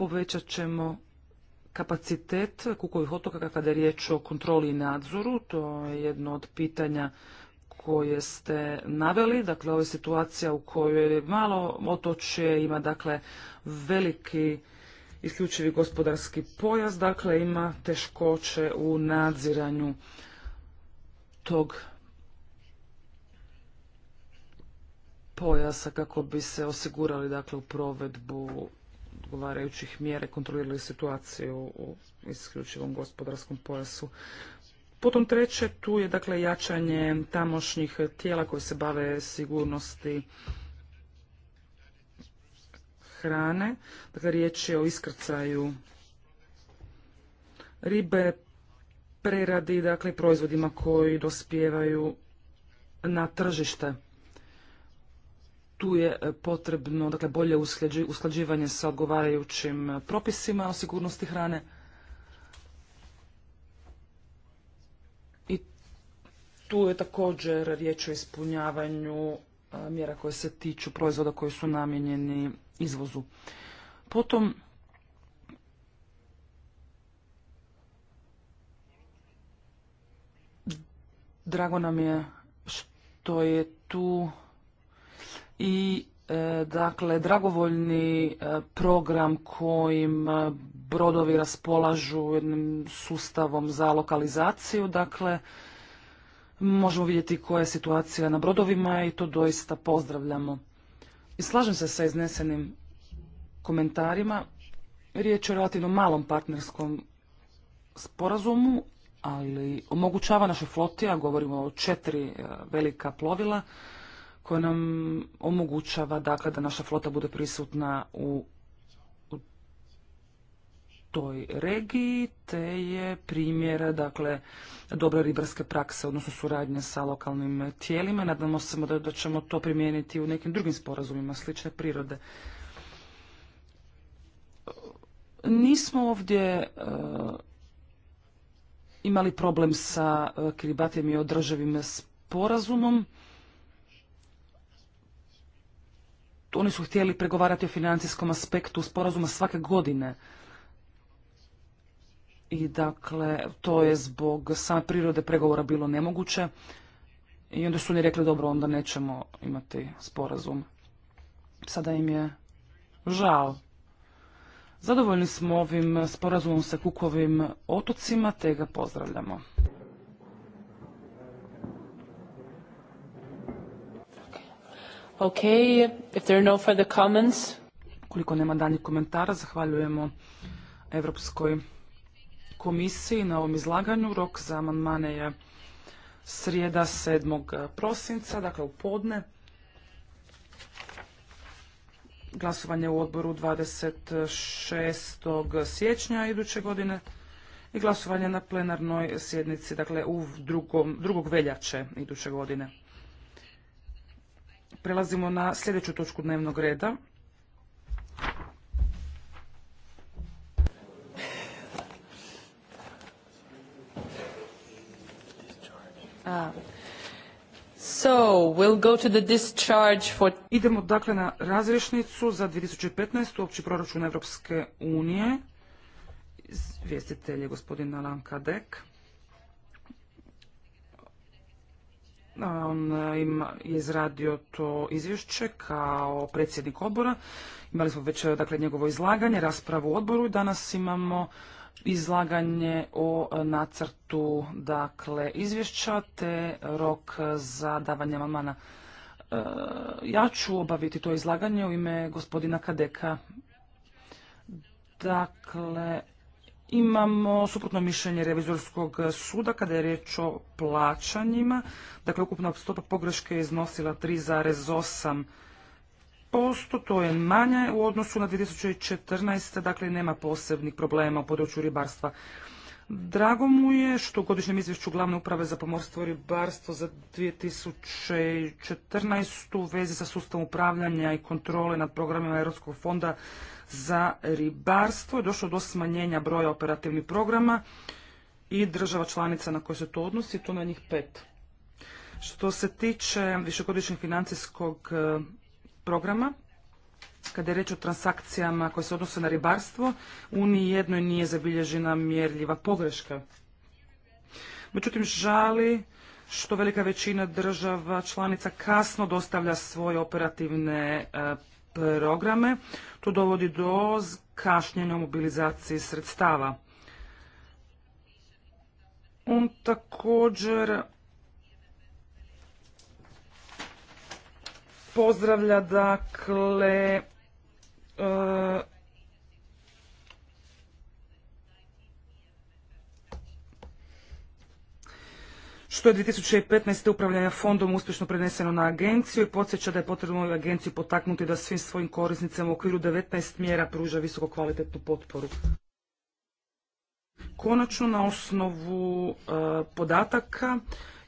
Speaker 2: Povećat ćemo kapacitet Kukovih otoka kada je riječ o kontroli i nadzoru. To je jedno od pitanja koje ste naveli, dakle ovo je situacija u kojoj malo otočje ima dakle veliki isključivi gospodarski pojas, dakle ima teškoće u nadziranju tog pojasa kako bi se osigurali dakle u provedbu odgovarajućih mjere kontrolirali situaciju u isključivom gospodarskom pojasu. Potom treće, tu je dakle jačanje tamošnjih tijela koji se bave sigurnosti hrane. Dakle, riječ je o iskrcaju ribe, preradi, dakle, proizvodima koji dospijevaju na tržište tu je e, potrebno dakle, bolje usklađivanje sa odgovarajućim e, propisima o sigurnosti hrane. I tu je također riječ o ispunjavanju e, mjera koje se tiču proizvoda koji su namijenjeni izvozu. Potom drago nam je što je tu i e, dakle dragovoljni e, program kojim e, brodovi raspolažu jednim sustavom za lokalizaciju. Dakle, možemo vidjeti koja je situacija na brodovima i to doista pozdravljamo. I slažem se sa iznesenim komentarima. Riječ je o relativno malom partnerskom sporazumu, ali omogućava naše floti, a govorimo o četiri velika plovila, koja nam omogućava dakle, da naša flota bude prisutna u, toj regiji, te je primjer dakle, dobre ribarske prakse, odnosno suradnje sa lokalnim tijelima. Nadamo se da, ćemo to primijeniti u nekim drugim sporazumima slične prirode. Nismo ovdje e, imali problem sa e, kribatijem i održavim sporazumom. oni su htjeli pregovarati o financijskom aspektu sporazuma svake godine. I dakle, to je zbog same prirode pregovora bilo nemoguće. I onda su oni rekli, dobro, onda nećemo imati sporazum. Sada im je žao. Zadovoljni smo ovim sporazumom sa Kukovim otocima, te ga pozdravljamo. Okay, if there are Koliko nema daljnjih komentara, zahvaljujemo Europskoj komisiji na ovom izlaganju. Rok za amandmane je srijeda 7. prosinca, dakle u podne. Glasovanje u odboru 26. siječnja iduće godine i glasovanje na plenarnoj sjednici, dakle u drugom, drugog veljače iduće godine. Prelazimo na sljedeću točku dnevnog reda. Ah. Idemo dakle na razrišnicu za 2015. opći proračun Evropske unije. Izvjestitelj je gospodin Alan Kadek. On je izradio to izvješće kao predsjednik odbora. Imali smo već e, dakle, njegovo izlaganje, raspravu u odboru i danas imamo izlaganje o nacrtu dakle, izvješća te rok za davanje amandmana. E, ja ću obaviti to izlaganje u ime gospodina Kadeka. Dakle, Imamo suprotno mišljenje revizorskog suda kada je riječ o plaćanjima. Dakle, ukupna stopa pogreške je iznosila 3,8%. Posto, to je manje u odnosu na 2014. Dakle, nema posebnih problema u području ribarstva. Drago mu je što u godišnjem izvješću glavne uprave za pomorstvo i ribarstvo za 2014. u vezi sa sustavom upravljanja i kontrole nad programima Europskog fonda za ribarstvo je došlo do smanjenja broja operativnih programa i država članica na koje se to odnosi, to na njih pet. Što se tiče višegodišnjeg financijskog eh, programa, kada je reč o transakcijama koje se odnose na ribarstvo, u nijednoj nije zabilježena mjerljiva pogreška. Međutim, žali što velika većina država članica kasno dostavlja svoje operativne e, programe. To dovodi do kašnjenja u mobilizaciji sredstava. On također pozdravlja dakle e, što je 2015. upravljanja fondom uspješno preneseno na agenciju i podsjeća da je potrebno agenciju potaknuti da svim svojim korisnicama u okviru 19 mjera pruža visoko kvalitetnu potporu. Konačno, na osnovu e, podataka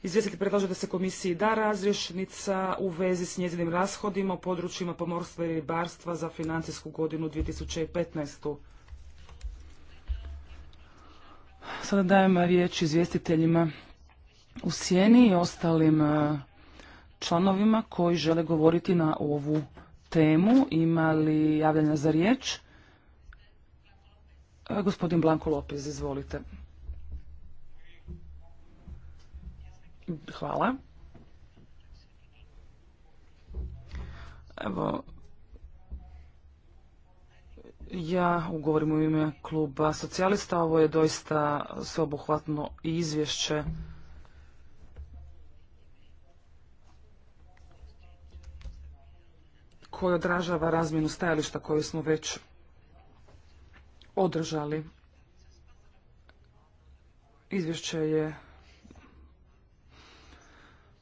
Speaker 2: Izvjestitelj predlaže da se komisiji da razrješnica u vezi s njezinim rashodima u područjima pomorstva i ribarstva za financijsku godinu 2015. Sada dajem riječ izvjestiteljima u sjeni i ostalim e, članovima koji žele govoriti na ovu temu. Ima li javljanja za riječ? E, gospodin Blanko Lopez, izvolite. Hvala. Evo, ja ugovorim u ime kluba socijalista. Ovo je doista sveobuhvatno izvješće. koje odražava razmjenu stajališta koju smo već održali. Izvješće je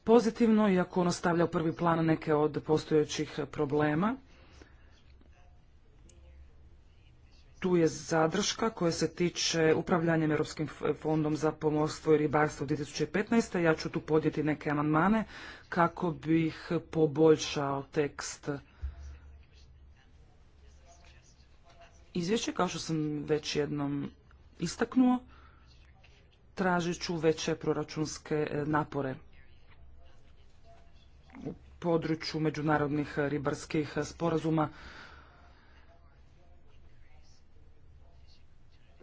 Speaker 2: pozitivno, iako ono stavlja u prvi plan neke od postojećih problema. Tu je zadrška koja se tiče upravljanjem Europskim fondom za pomorstvo i ribarstvo 2015. Ja ću tu podijeti neke amandmane kako bih poboljšao tekst izvješće, kao što sam već jednom istaknuo, tražit ću veće proračunske e, napore području međunarodnih ribarskih sporazuma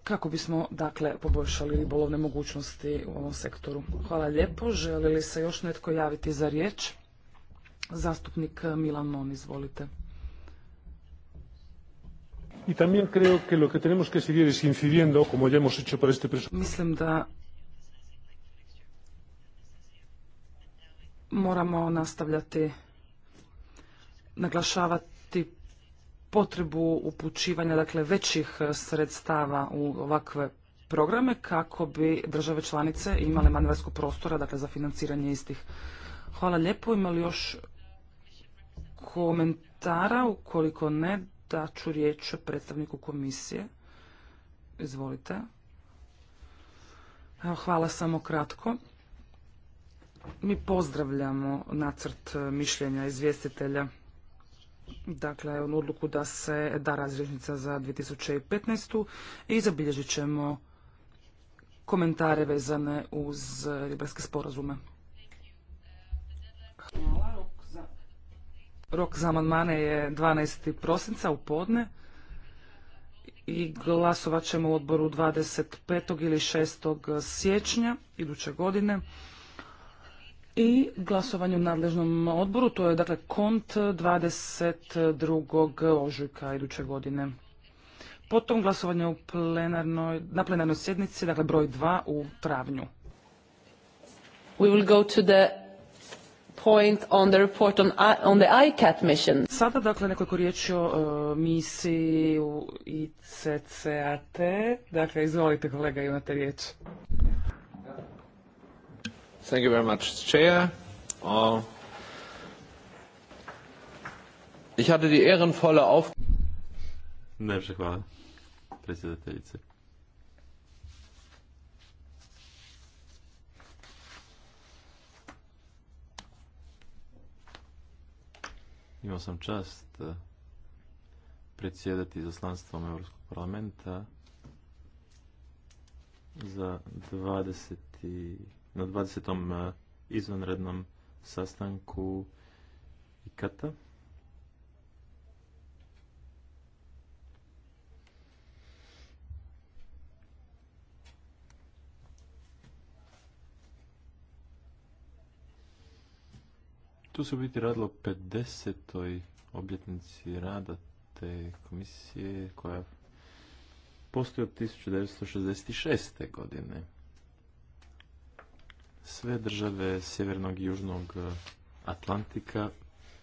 Speaker 2: kako bismo dakle poboljšali ribolovne mogućnosti u ovom sektoru. Hvala lijepo. Želi li se još netko javiti za riječ? Zastupnik Milan Non, izvolite. i también creo que lo que tenemos que seguir incidiendo, como hemos hecho Mislim da moramo nastavljati naglašavati potrebu upućivanja dakle većih sredstava u ovakve programe kako bi države članice imale manevarskog prostora dakle za financiranje istih. Hvala lijepo. Ima li još komentara? Ukoliko ne, daću riječ predstavniku komisije. Izvolite. hvala samo kratko. Mi pozdravljamo nacrt e, mišljenja izvjestitelja. Dakle, on odluku da se da razrješnica za 2015. i zabilježit ćemo komentare vezane uz ribarske e, sporazume. Rok za amandmane je 12. prosinca u podne i glasovat ćemo u odboru 25. ili 6. siječnja iduće godine i glasovanju u nadležnom odboru, to je dakle kont 22. ožujka iduće godine. Potom glasovanje u plenarnoj, na plenarnoj sjednici, dakle broj 2 u travnju. on Sada dakle nekoliko riječi o uh, misiji u ICCAT. Dakle, izvolite kolega, imate riječ.
Speaker 1: Thank you very much, Chair. Uh,
Speaker 3: ich hatte die ehrenvolle Auf... Imao sam čast uh, predsjedati izaslanstvom Europskog parlamenta za 20 na 20. E, izvanrednom sastanku IKATA. Tu se biti radilo 50. obljetnici rada te komisije koja postoji od 1966. godine. Sve države sjevernog i južnog e, Atlantika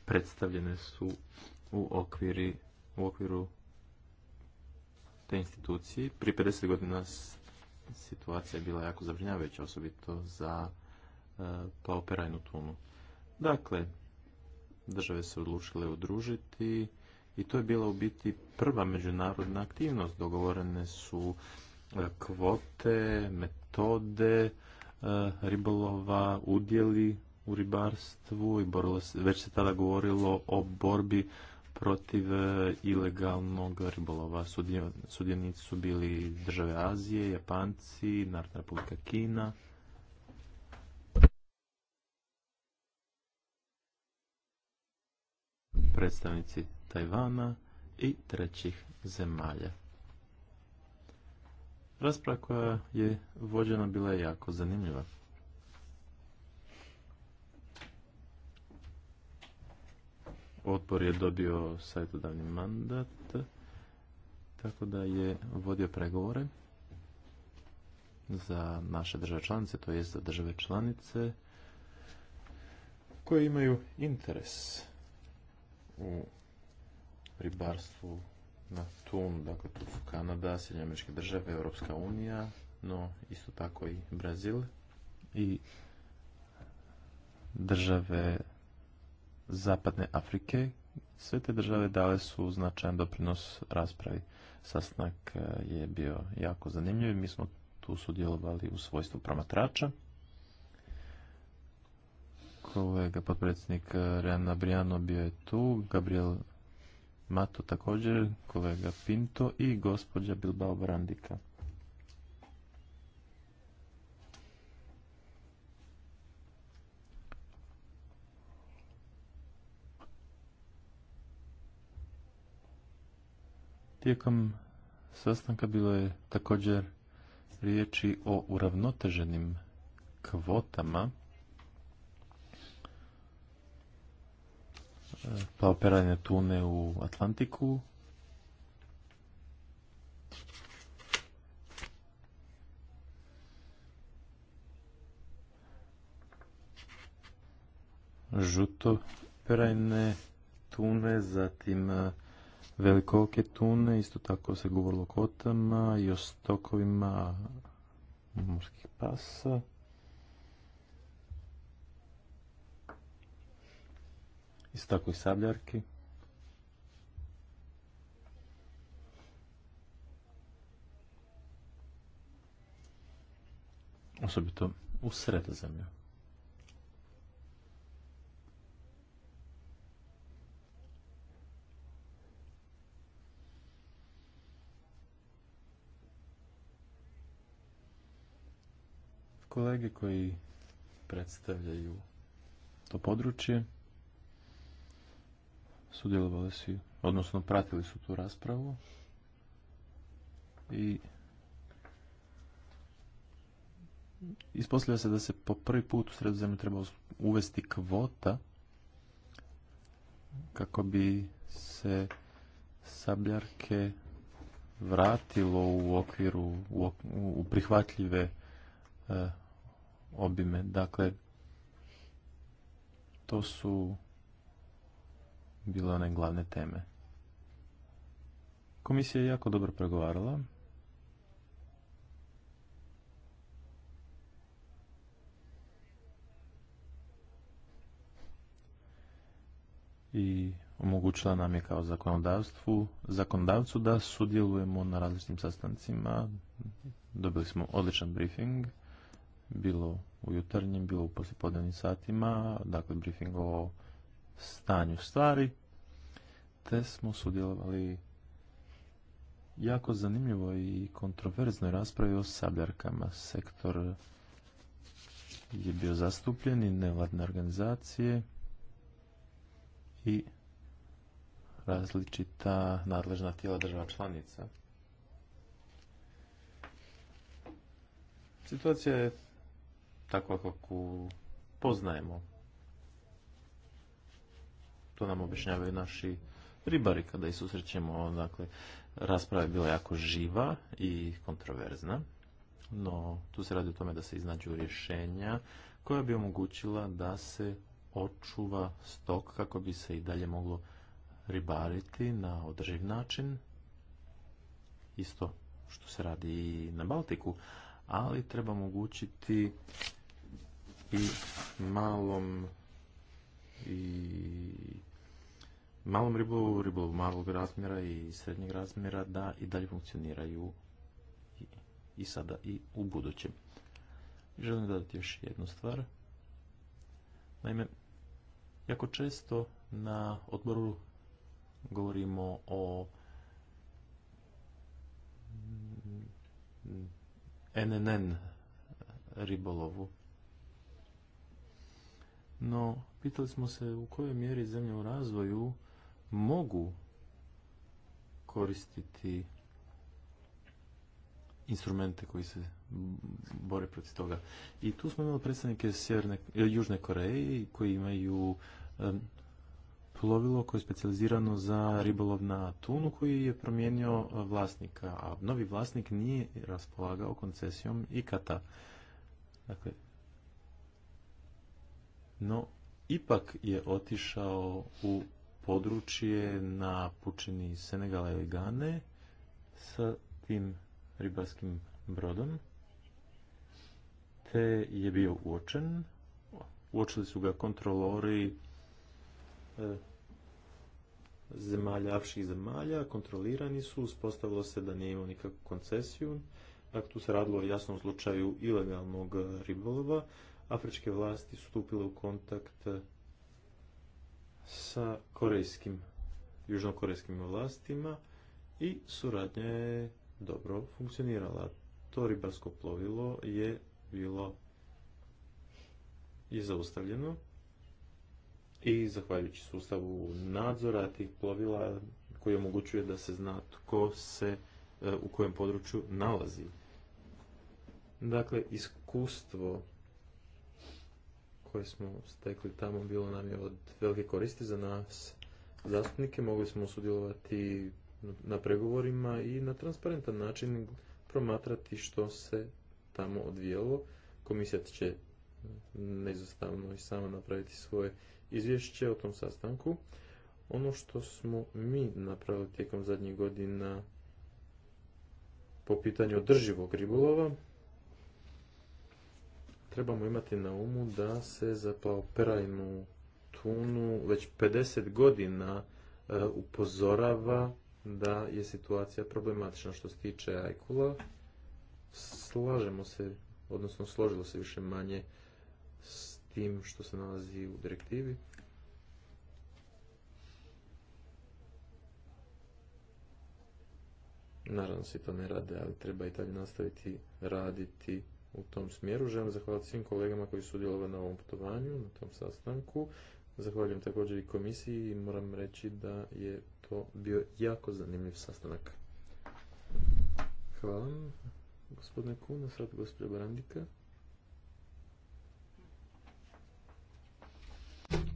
Speaker 3: predstavljene su u, okviri, u okviru te institucije. Pri 50 godina situacija je bila jako zabrinjavajuća, osobito za e, operajnu tunu. Dakle, države se odlučile udružiti i to je bila u biti prva međunarodna aktivnost. Dogovorene su e, kvote, metode, E, ribolova, udjeli u ribarstvu i borilo se, već se tada govorilo o borbi protiv e, ilegalnog ribolova. Sudjenici su bili države Azije, Japanci, Narodna republika Kina. predstavnici Tajvana i trećih zemalja. Rasprava koja je vođena bila je jako zanimljiva. Odbor je dobio savjetodavni mandat, tako da je vodio pregovore za naše države članice, to je za države članice koje imaju interes u ribarstvu na tun, dakle tu su Kanada, američke države, Europska unija, no isto tako i Brazil i države Zapadne Afrike. Sve te države dale su značajan doprinos raspravi. Sastanak e, je bio jako zanimljiv mi smo tu sudjelovali u svojstvu promatrača. Kolega potpredsjednik e, Reana Briano bio je tu, Gabriel Mato također, kolega Pinto i gospođa Bilbao Brandika. Tijekom sastanka bilo je također riječi o uravnoteženim kvotama Pa operanje tune u Atlantiku. Žuto perajne tune, zatim e, velikoke tune, isto tako se govorilo o kotama i o stokovima morskih pasa. iz takvoj sabljarki. Osobito u sredozemlju. Kolege koji predstavljaju to područje sudjelovali su, odnosno pratili su tu raspravu i ispostavlja se da se po prvi put u sredozemlju treba uvesti kvota kako bi se sabljarke vratilo u okviru u, prihvatljive eh, obime. Dakle, to su bile one glavne teme. Komisija je jako dobro pregovarala. I omogućila nam je kao zakonodavstvu, zakonodavcu da sudjelujemo na različitim sastancima. Dobili smo odličan briefing, bilo u jutarnjim, bilo u poslijepodnevnim satima, dakle briefing o stanju stvari, te smo sudjelovali jako zanimljivo i kontroverznoj raspravi o sabljarkama. Sektor je bio zastupljen i nevladne organizacije i različita nadležna tijela država članica. Situacija je takva kako poznajemo to nam objašnjavaju naši ribari kada ih susrećemo. Dakle, rasprava je bila jako živa i kontroverzna, no tu se radi o tome da se iznađu rješenja koja bi omogućila da se očuva stok kako bi se i dalje moglo ribariti na održiv način. Isto što se radi i na Baltiku, ali treba omogućiti i malom i malom ribolovu, ribolovu malog razmjera i srednjeg razmjera da i dalje funkcioniraju i sada i u budućem. Želim dodati još jednu stvar. Naime, jako često na odboru govorimo o NNN ribolovu. No, pitali smo se u kojoj mjeri zemlje u razvoju mogu koristiti instrumente koji se bore protiv toga. I tu smo imali predstavnike Sjerne, e, Južne Koreje koji imaju plovilo koje je specijalizirano za ribolov na tunu koji je promijenio e, vlasnika, a novi vlasnik nije raspolagao koncesijom ikata. Dakle, no, ipak je otišao u područje na pučini Senegala i Gane sa tim ribarskim brodom te je bio uočen uočili su ga kontrolori e, zemalja, avših zemalja, kontrolirani su, uspostavilo se da nije imao nikakvu koncesiju. Dakle, tu se radilo o jasnom slučaju ilegalnog ribolova, afričke vlasti stupile u kontakt eh, sa korejskim, južnokorejskim vlastima i suradnja je dobro funkcionirala. To ribarsko plovilo je bilo i zaustavljeno i zahvaljujući sustavu nadzora tih plovila koji omogućuje da se zna tko se eh, u kojem području nalazi. Dakle, iskustvo koje smo stekli tamo bilo nam je od velike koristi za nas zastupnike. Mogli smo sudjelovati na pregovorima i na transparentan način promatrati što se tamo odvijelo. Komisija će neizostavno i sama napraviti svoje izvješće o tom sastanku. Ono što smo mi napravili tijekom zadnjih godina po pitanju održivog ribolova, trebamo imati na umu da se za tunu već 50 godina e, upozorava da je situacija problematična što se tiče ajkula. Slažemo se, odnosno složilo se više manje s tim što se nalazi u direktivi. Naravno se to ne rade, ali treba i dalje nastaviti raditi u tom smjeru. Želim zahvaliti svim kolegama koji su sudjelovali na ovom putovanju, na tom sastanku. Zahvaljujem također i komisiji i moram reći da je to bio jako zanimljiv sastanak. Hvala vam,
Speaker 2: gospodine Kuna, sad gospodine Barandika.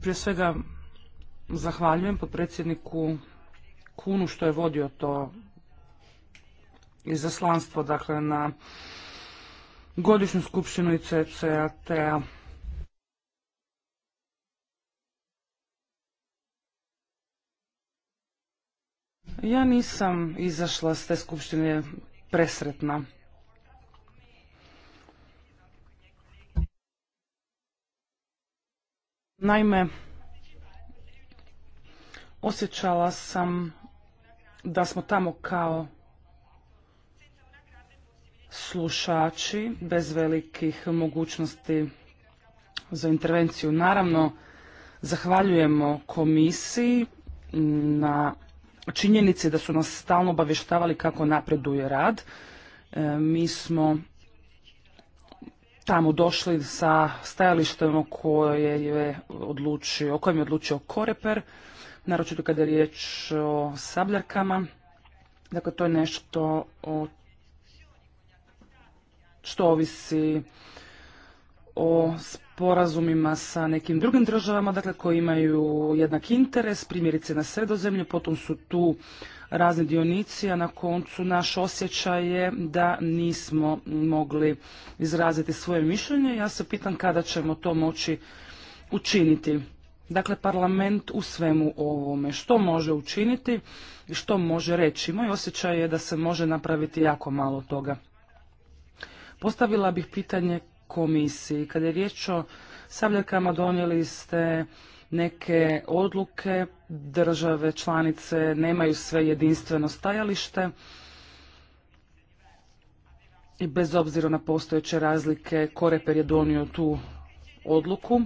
Speaker 2: Prije svega zahvaljujem potpredsjedniku Kunu što je vodio to izaslanstvo dakle, na godišnju skupštinu ICCAT-a. Ja nisam izašla s te skupštine presretna. Naime, osjećala sam da smo tamo kao slušači bez velikih mogućnosti za intervenciju. Naravno, zahvaljujemo komisiji na činjenici da su nas stalno obavještavali kako napreduje rad. E, mi smo tamo došli sa stajalištem koje je odlučio, o kojem je odlučio Koreper, naročito kada je riječ o sabljarkama. Dakle, to je nešto o što ovisi o sporazumima sa nekim drugim državama, dakle koji imaju jednak interes, primjerice na sredozemlju, potom su tu razni dionici, a na koncu naš osjećaj je da nismo mogli izraziti svoje mišljenje. Ja se pitam kada ćemo to moći učiniti. Dakle, parlament u svemu ovome što može učiniti i što može reći. Moj osjećaj je da se može napraviti jako malo toga. Postavila bih pitanje komisiji. Kad je riječ o sabljakama donijeli ste neke odluke, države, članice nemaju sve jedinstveno stajalište i bez obzira na postojeće razlike Koreper je donio tu odluku.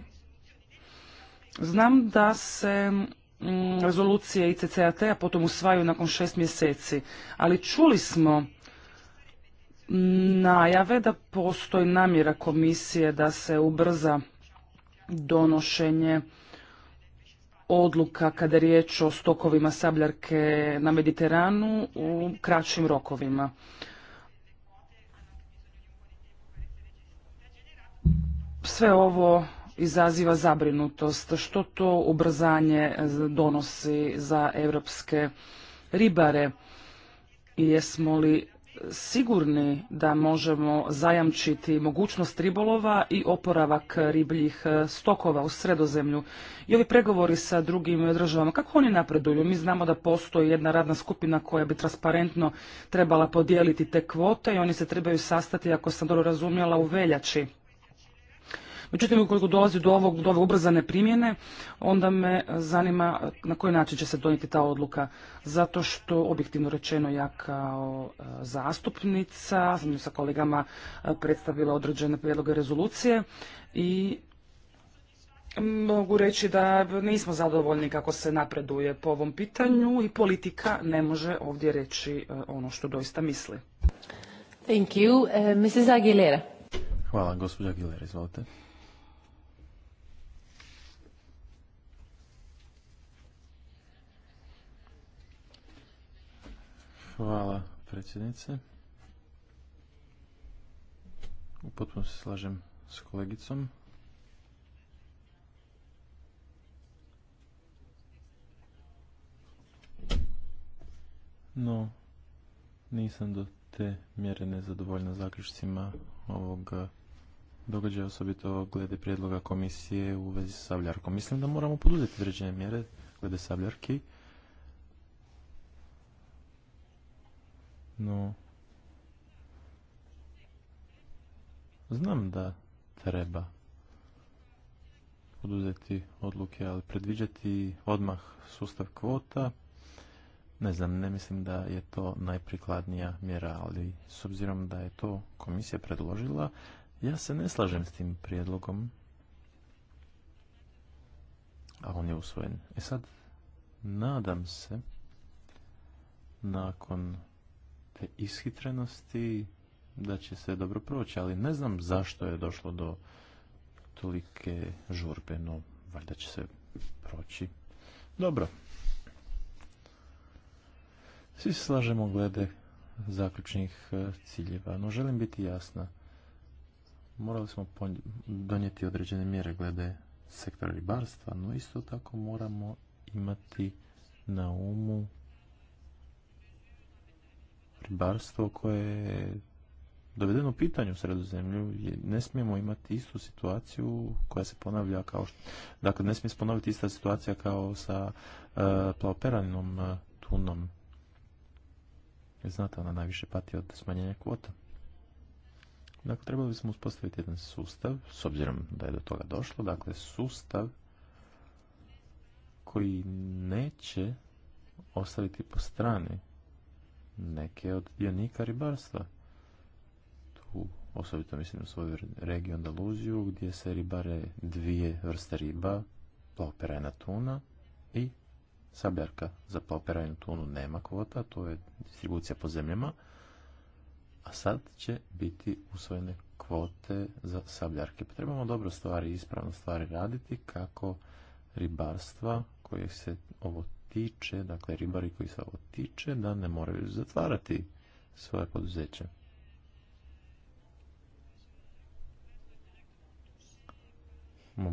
Speaker 2: Znam da se mm, rezolucije ICCAT-a potom usvajaju nakon šest mjeseci, ali čuli smo najave da postoji namjera komisije da se ubrza donošenje odluka kada je riječ o stokovima sabljarke na Mediteranu u kraćim rokovima. Sve ovo izaziva zabrinutost. Što to ubrzanje donosi za evropske ribare? Jesmo li sigurni da možemo zajamčiti mogućnost ribolova i oporavak ribljih e, stokova u sredozemlju. I ovi pregovori sa drugim državama, kako oni napreduju? Mi znamo da postoji jedna radna skupina koja bi transparentno trebala podijeliti te kvote i oni se trebaju sastati, ako sam dobro razumjela, u veljači. Međutim, ukoliko dolazi do, ovog, do ove ubrzane primjene, onda me zanima na koji način će se donijeti ta odluka. Zato što, objektivno rečeno, ja kao e, zastupnica, sam sa kolegama e, predstavila određene prijedloge rezolucije i mogu reći da nismo zadovoljni kako se napreduje po ovom pitanju i politika ne može ovdje reći e, ono što doista misli. Thank you. Mrs. Aguilera.
Speaker 3: Hvala, gospođa Aguilera, izvolite. Hvala predsjednice. U se slažem s kolegicom. No, nisam do te mjere nezadovoljna zaključcima ovog eh, događaja, osobito glede prijedloga komisije u vezi sa sabljarkom. Mislim da moramo poduzeti određene mjere glede Savljarki. no znam da treba poduzeti odluke, ali predviđati odmah sustav kvota, ne znam, ne mislim da je to najprikladnija mjera, ali s obzirom da je to komisija predložila, ja se ne slažem s tim prijedlogom, a on je usvojen. E sad, nadam se, nakon te ishitrenosti da će se dobro proći, ali ne znam zašto je došlo do tolike žurbe, no valjda će se proći. Dobro. Svi se slažemo glede zaključnih e, ciljeva, no želim biti jasna. Morali smo donijeti određene mjere glede sektora ribarstva, no isto tako moramo imati na umu ribarstvo koje je dovedeno u pitanju u sredozemlju. Ne smijemo imati istu situaciju koja se ponavlja kao što... Dakle, ne smije se ponoviti ista situacija kao sa uh, tunom uh, tunom. Znate, ona najviše pati od smanjenja kvota. Dakle, trebali bismo uspostaviti jedan sustav, s obzirom da je do toga došlo, dakle, sustav koji neće ostaviti po strani neke od dionika ribarstva. Tu osobito mislim u svoju regiju Andaluziju gdje se ribare dvije vrste riba, plaoperajna tuna i sabljarka. Za plaoperajnu tunu nema kvota, to je distribucija po zemljama, a sad će biti usvojene kvote za sabljarke. Pa trebamo dobro stvari, ispravno stvari raditi kako ribarstva koje se ovo tiče, dakle ribari koji se ovo tiče, da ne moraju zatvarati svoje poduzeće.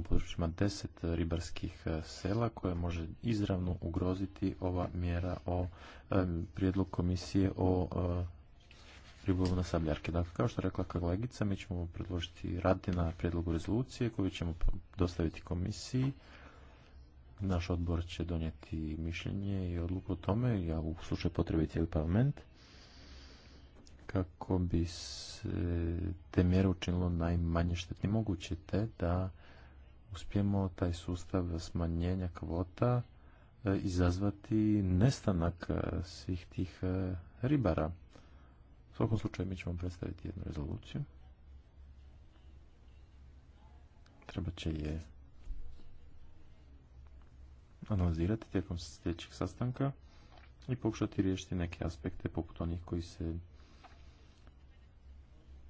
Speaker 3: području ima deset ribarskih e, sela koje može izravno ugroziti ova mjera o e, prijedlog komisije o e, ribolovu na sabljarke. Dakle, kao što je rekla kolegica, mi ćemo predložiti radi na prijedlogu rezolucije koju ćemo dostaviti komisiji naš odbor će donijeti mišljenje i odluku o tome, ja u slučaju potrebiti cijeli parlament, kako bi se te mjere učinilo najmanje štetni moguće, te da uspijemo taj sustav smanjenja kvota e, izazvati nestanak e, svih tih e, ribara. U svakom slučaju mi ćemo predstaviti jednu rezoluciju. Treba će je analizirati tijekom sljedećih sastanka i pokušati riješiti neke aspekte poput onih koji se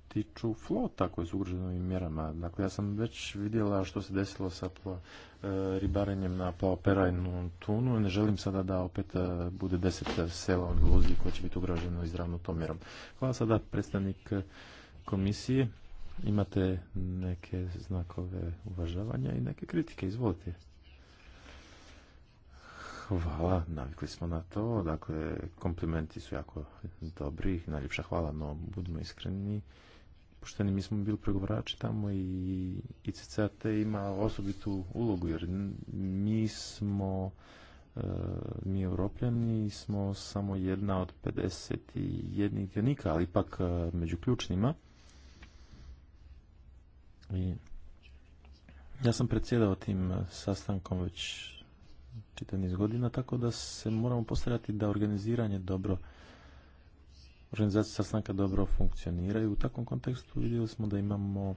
Speaker 3: tiču flota koje su ugrožene ovim mjerama. Dakle, ja sam već vidjela što se desilo sa e, ribarenjem na plaoperajnu tunu. Ne želim sada da opet e, bude deset sela od luzi koje će biti ugroženo izravno tom mjerom. Hvala sada predstavnik komisije. Imate neke znakove uvažavanja i neke kritike. Izvolite. Hvala, navikli smo na to. Dakle, komplimenti su jako dobri. Najljepša hvala, no budimo iskreni. Pošteni, mi smo bili pregovarači tamo i ICCAT ima osobitu ulogu, jer mi smo e, mi europljani smo samo jedna od 51 dionika, ali ipak e, među ključnima. I ja sam predsjedao tim e, sastankom već čitav niz godina, tako da se moramo postavljati da organiziranje dobro, organizacija sastanka dobro funkcioniraju. U takvom kontekstu vidjeli smo da imamo e,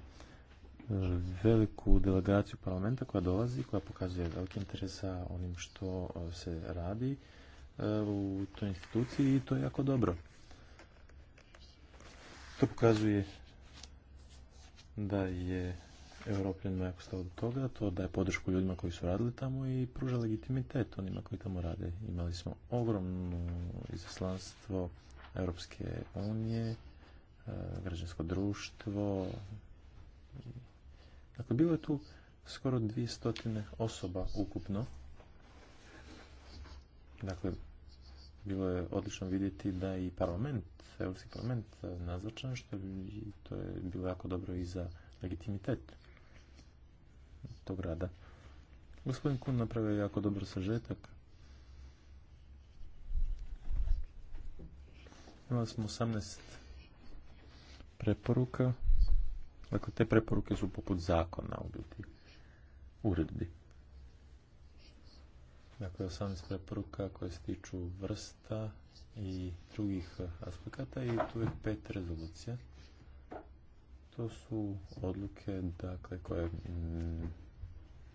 Speaker 3: veliku delegaciju parlamenta koja dolazi, koja pokazuje veliki interes za onim što e, se radi e, u toj instituciji i to je jako dobro. To pokazuje da je Evropljanima jako stalo do toga, to daje podršku ljudima koji su radili tamo i pruža legitimitet onima koji tamo rade. Imali smo ogromno izaslanstvo Europske unije, e, građansko društvo. Dakle, bilo je tu skoro 200 osoba ukupno. Dakle, bilo je odlično vidjeti da i parlament, Europski parlament nazočan, što je, to je bilo jako dobro i za legitimitet tog rada. Gospodin Kun napravio jako dobar sažetak. Imali smo 18 preporuka. Dakle, te preporuke su poput zakona u biti uredbi. Dakle, 18 preporuka koje se tiču vrsta i drugih aspekata i tu je pet rezolucija to su odluke dakle, koje mm,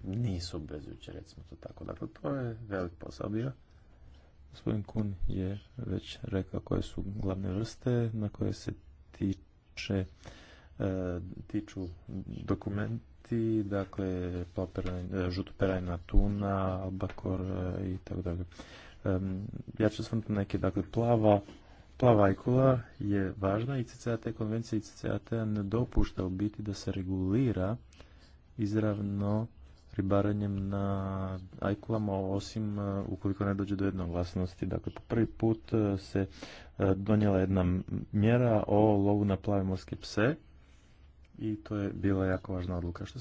Speaker 3: nisu obvezujuće, recimo to tako. Dakle, to je velik posao bio. Gospodin Kun je već rekao koje su glavne vrste na koje se tiče e, tiču dokumenti, dakle e, žutoperajna tuna, albakor e, i tako dalje. Ja ću osvrnuti neke, dakle plava Plava ajkula je važna i CCAT, konvencija CCAT ne dopušta u biti da se regulira izravno ribaranjem na ajkulama, osim e, ukoliko ne dođe do jednoglasnosti. Dakle, po prvi put e, se e, donijela jedna mjera o lovu na plave morske pse i to je bila jako važna odluka. Što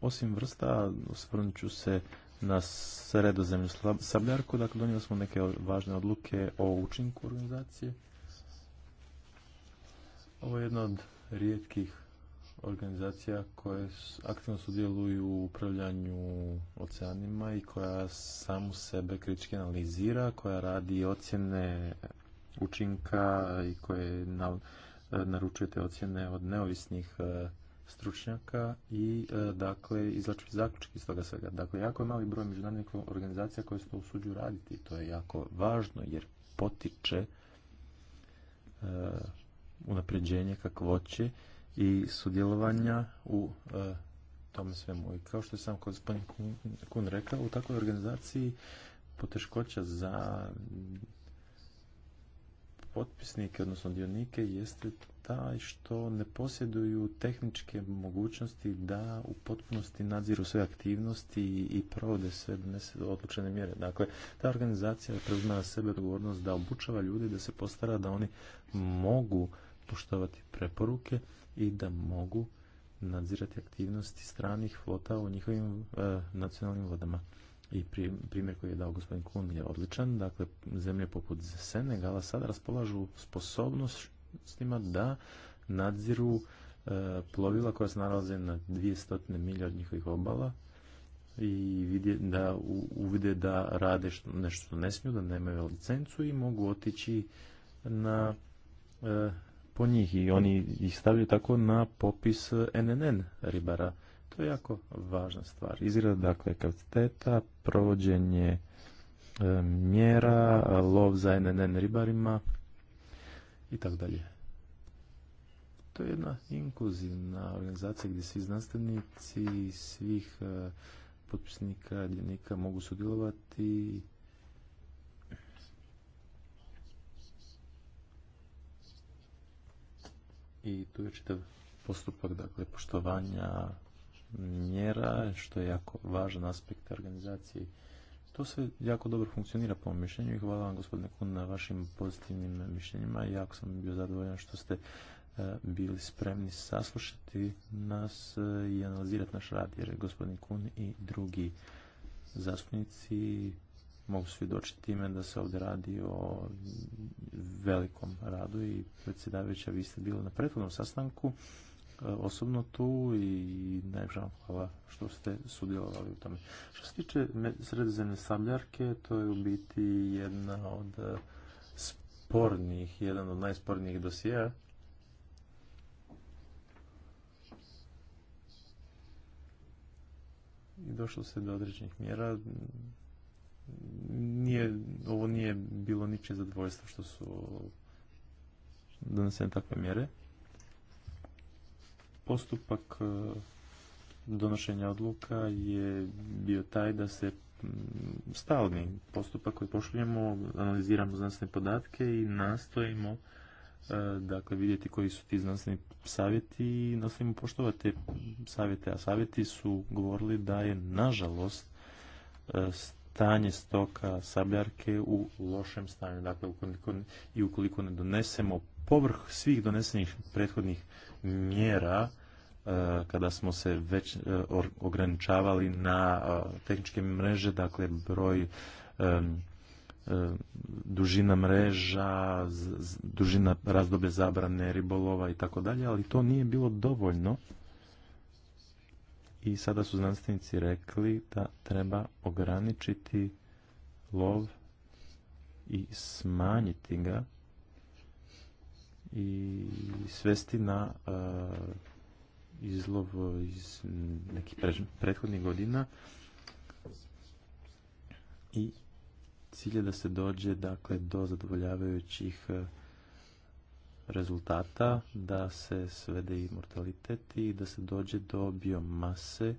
Speaker 3: osim vrsta, osvrnut ću se na sredozemlju sabljarku, dakle donijeli smo neke važne odluke o učinku organizacije ovo je jedna od rijetkih organizacija koje aktivno sudjeluju u upravljanju oceanima i koja samu sebe kritički analizira, koja radi ocjene učinka i koje e, naručuje te ocjene od neovisnih e, stručnjaka i e, dakle izlači zaključke iz toga svega. Dakle, jako je mali broj međunarodnih organizacija koje se to usuđuju raditi. To je jako važno jer potiče unapređenje kakvoće i sudjelovanja u e, tome svemu. I kao što sam gospodin Kun rekao, u takvoj organizaciji poteškoća za potpisnike, odnosno dionike, jeste taj što ne posjeduju tehničke mogućnosti da u potpunosti nadziru sve aktivnosti i provode sve odlučene mjere. Dakle, ta organizacija preuzima na sebe odgovornost da obučava ljude, da se postara da oni mogu poštovati preporuke i da mogu nadzirati aktivnosti stranih flota u njihovim e, nacionalnim vodama. I primjer koji je dao gospodin Kun je odličan. Dakle, zemlje poput Senegala sada raspolažu sposobnostima da nadziru e, plovila koja se nalaze na 200 milja od njihovih obala i da uvide da rade nešto što ne smiju, da nemaju licencu i mogu otići na e, po njih i oni ih stavljaju tako na popis NNN e, ribara. To je jako važna stvar. Izgleda dakle kapaciteta, provođenje e, mjera, lov za NNN ribarima i tako dalje. To je jedna inkluzivna organizacija gdje svi znanstvenici svih e, potpisnika, mogu sudjelovati i tu je čitav postupak dakle, poštovanja mjera, što je jako važan aspekt organizacije. To sve jako dobro funkcionira po mom mišljenju i hvala vam gospodine Kun na vašim pozitivnim mišljenjima. Jako sam bio zadovoljan što ste e, bili spremni saslušati nas e, i analizirati naš rad jer gospodin Kun i drugi zastupnici mogu svjedočiti time da se ovdje radi o velikom radu i predsjedavajuća vi ste bili na prethodnom sastanku e, osobno tu i najviše hvala što ste sudjelovali u tome. Što se tiče sredozemne sabljarke, to je u biti jedna od e, spornih, jedan od najspornijih dosija. I došlo se do određenih mjera nije, ovo nije bilo ničije zadovoljstvo što su donesene takve mjere. Postupak e, donošenja odluka je bio taj da se mm, stalni postupak koji pošaljemo, analiziramo znanstvene podatke i nastojimo e, dakle vidjeti koji su ti znanstveni savjeti i nastojimo poštovati savjete, a savjeti su govorili da je nažalost e, stanje stoka sabljarke u lošem stanju. Dakle, ukoliko, i ukoliko ne donesemo povrh svih donesenih prethodnih mjera, e, kada smo se već e, ograničavali na e, tehničke mreže, dakle broj dužina mreža, dužina razdoblja zabrane ribolova i tako dalje, ali to nije bilo dovoljno i sada su znanstvenici rekli da treba ograničiti lov i smanjiti ga i svesti na uh, izlov iz nekih prethodnih godina i cilj je da se dođe dakle do zadovoljavajućih e, rezultata da se svede i mortalitet i da se dođe do biomase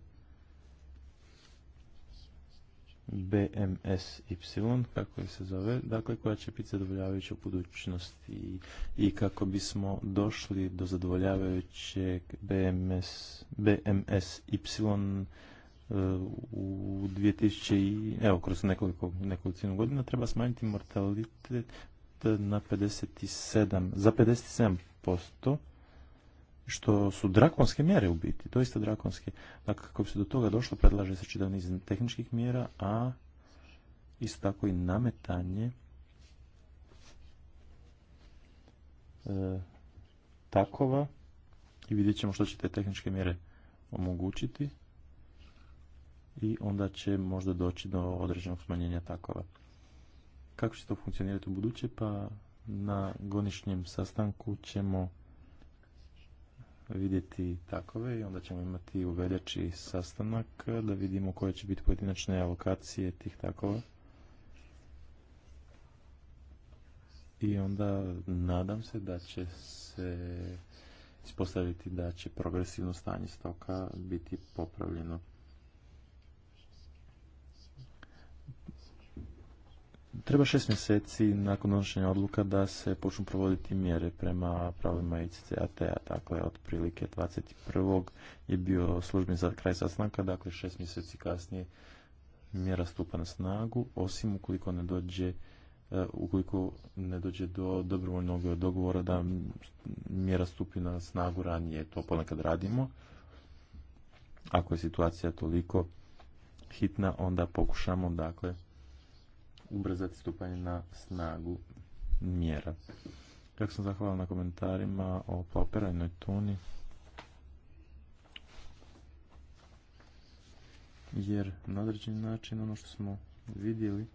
Speaker 3: BMSY, kako je se zove, dakle koja će biti zadovoljavajuća u budućnosti i, kako bismo došli do zadovoljavajućeg BMS, BMSY e, u 2000 i, evo, kroz nekoliko, nekoliko godina treba smanjiti mortalitet na 57, za 57%, što su drakonske mjere u biti, doista drakonske. Dakle, kako bi se do toga došlo, predlaže se čitav niz tehničkih mjera, a isto tako i nametanje e, takova i vidjet ćemo što će te tehničke mjere omogućiti i onda će možda doći do određenog smanjenja takova. Kako će to funkcionirati u buduće? Pa na godišnjem sastanku ćemo vidjeti takove i onda ćemo imati u veljači sastanak da vidimo koje će biti pojedinačne alokacije tih takova. I onda nadam se da će se ispostaviti da će progresivno stanje stoka biti popravljeno. treba šest mjeseci nakon donošenja odluka da se počnu provoditi mjere prema pravilima ICCAT-a, dakle otprilike 21. je bio službeni za kraj sastanka, dakle šest mjeseci kasnije mjera stupa na snagu, osim ukoliko ne dođe e, ukoliko ne dođe do dobrovoljnog dogovora da mjera stupi na snagu ranije, to ponekad radimo. Ako je situacija toliko hitna, onda pokušamo dakle ubrzati stupanje na snagu mjera. Kako sam zahvalan na komentarima o plaoperajnoj tuni, jer na određeni način ono što smo vidjeli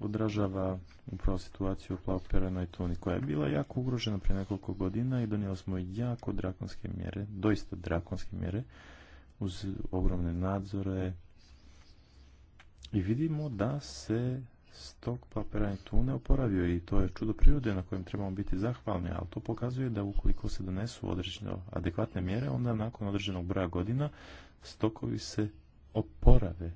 Speaker 3: odražava upravo situaciju o plaoperanoj tuni koja je bila jako ugrožena prije nekoliko godina i donijeli smo jako drakonske mjere, doista drakonske mjere uz ogromne nadzore, i vidimo da se stok papera i tune oporavio i to je čudo prirode na kojem trebamo biti zahvalni, ali to pokazuje da ukoliko se donesu određene adekvatne mjere, onda nakon određenog broja godina stokovi se oporave.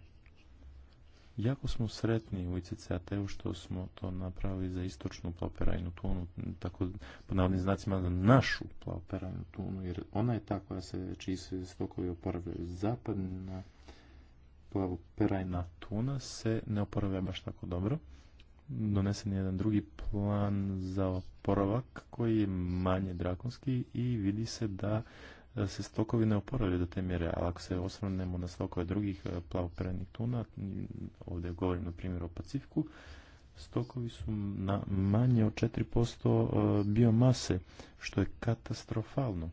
Speaker 3: Jako smo sretni u ICCAT-u što smo to napravili za istočnu plaoperajnu tunu, tako po navodnim znacima za našu plaoperajnu tunu, jer ona je ta koja se, čiji se stokovi oporavljaju. Zapadna pojavu tuna se ne oporavlja baš tako dobro. Donesen je jedan drugi plan za oporavak koji je manje drakonski i vidi se da e, se stokovi ne oporavljaju do te mjere, ali ako se osvrnemo na stokove drugih e, plavoperajnih tuna, ovdje govorim na primjer o Pacifiku, stokovi su na manje od 4% e, biomase, što je katastrofalno.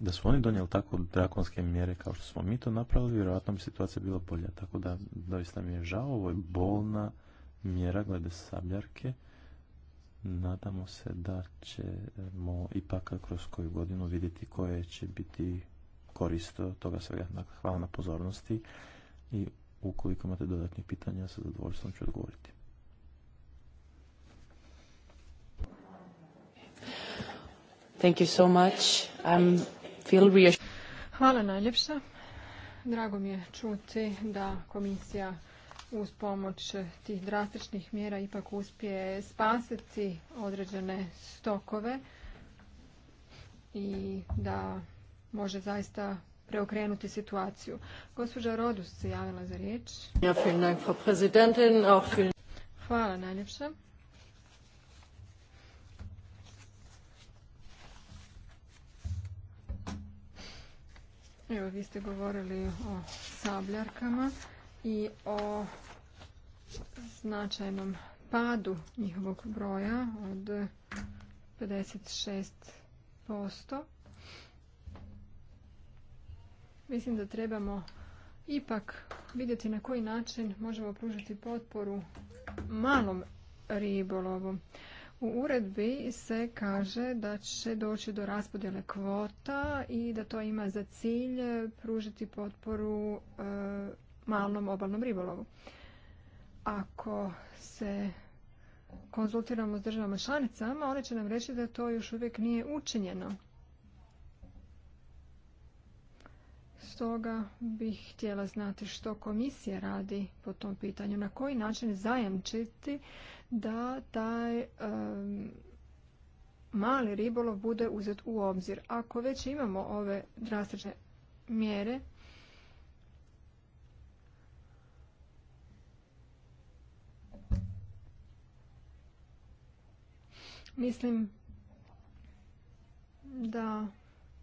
Speaker 3: da su oni donijeli tako drakonske mjere kao što smo mi to napravili, vjerojatno bi situacija bila bolja. Tako da doista mi je žao, ovo je bolna mjera glede sabljarke. Nadamo se da ćemo ipak kroz koju godinu vidjeti koje će biti koristo toga svega. Dakle, hvala na pozornosti i ukoliko imate dodatnih pitanja, sa zadovoljstvom ću odgovoriti.
Speaker 2: Thank you so much. Um, feel
Speaker 1: Hvala najljepša. Drago mi je čuti da komisija uz pomoć tih drastičnih mjera ipak uspije spasiti određene stokove i da može zaista preokrenuti situaciju. Gospođa Rodus se javila za riječ. Hvala najljepša. Evo, vi ste govorili o sabljarkama i o značajnom padu njihovog broja od 56%. Mislim da trebamo ipak vidjeti na koji način možemo pružiti potporu malom ribolovu. U uredbi se kaže da će doći do raspodjele kvota i da to ima za cilj pružiti potporu e, malnom obalnom ribolovu. Ako se konzultiramo s državama članicama, one će nam reći da to još uvijek nije učinjeno. Stoga bih htjela znati što komisija radi po tom pitanju, na koji način zajamčiti da taj mali ribolov bude uzet u obzir. Ako već imamo ove drastične mjere, mislim da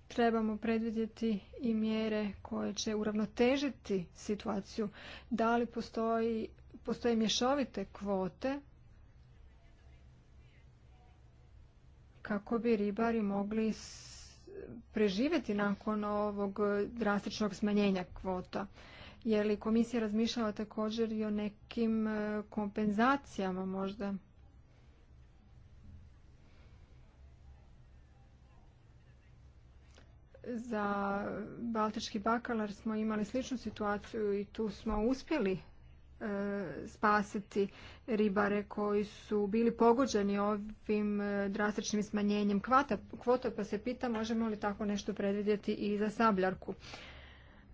Speaker 1: trebamo predvidjeti i mjere koje će uravnotežiti situaciju. Da li postoji, postoje mješovite kvote kako bi ribari mogli preživjeti nakon ovog drastičnog smanjenja kvota. Je li komisija razmišljala također i o nekim e, kompenzacijama možda? Za Baltički bakalar smo imali sličnu situaciju i tu smo uspjeli E, spasiti ribare koji su bili pogođeni ovim e, drastičnim smanjenjem kvota, kvota pa se pita možemo li tako nešto predvidjeti i za sabljarku.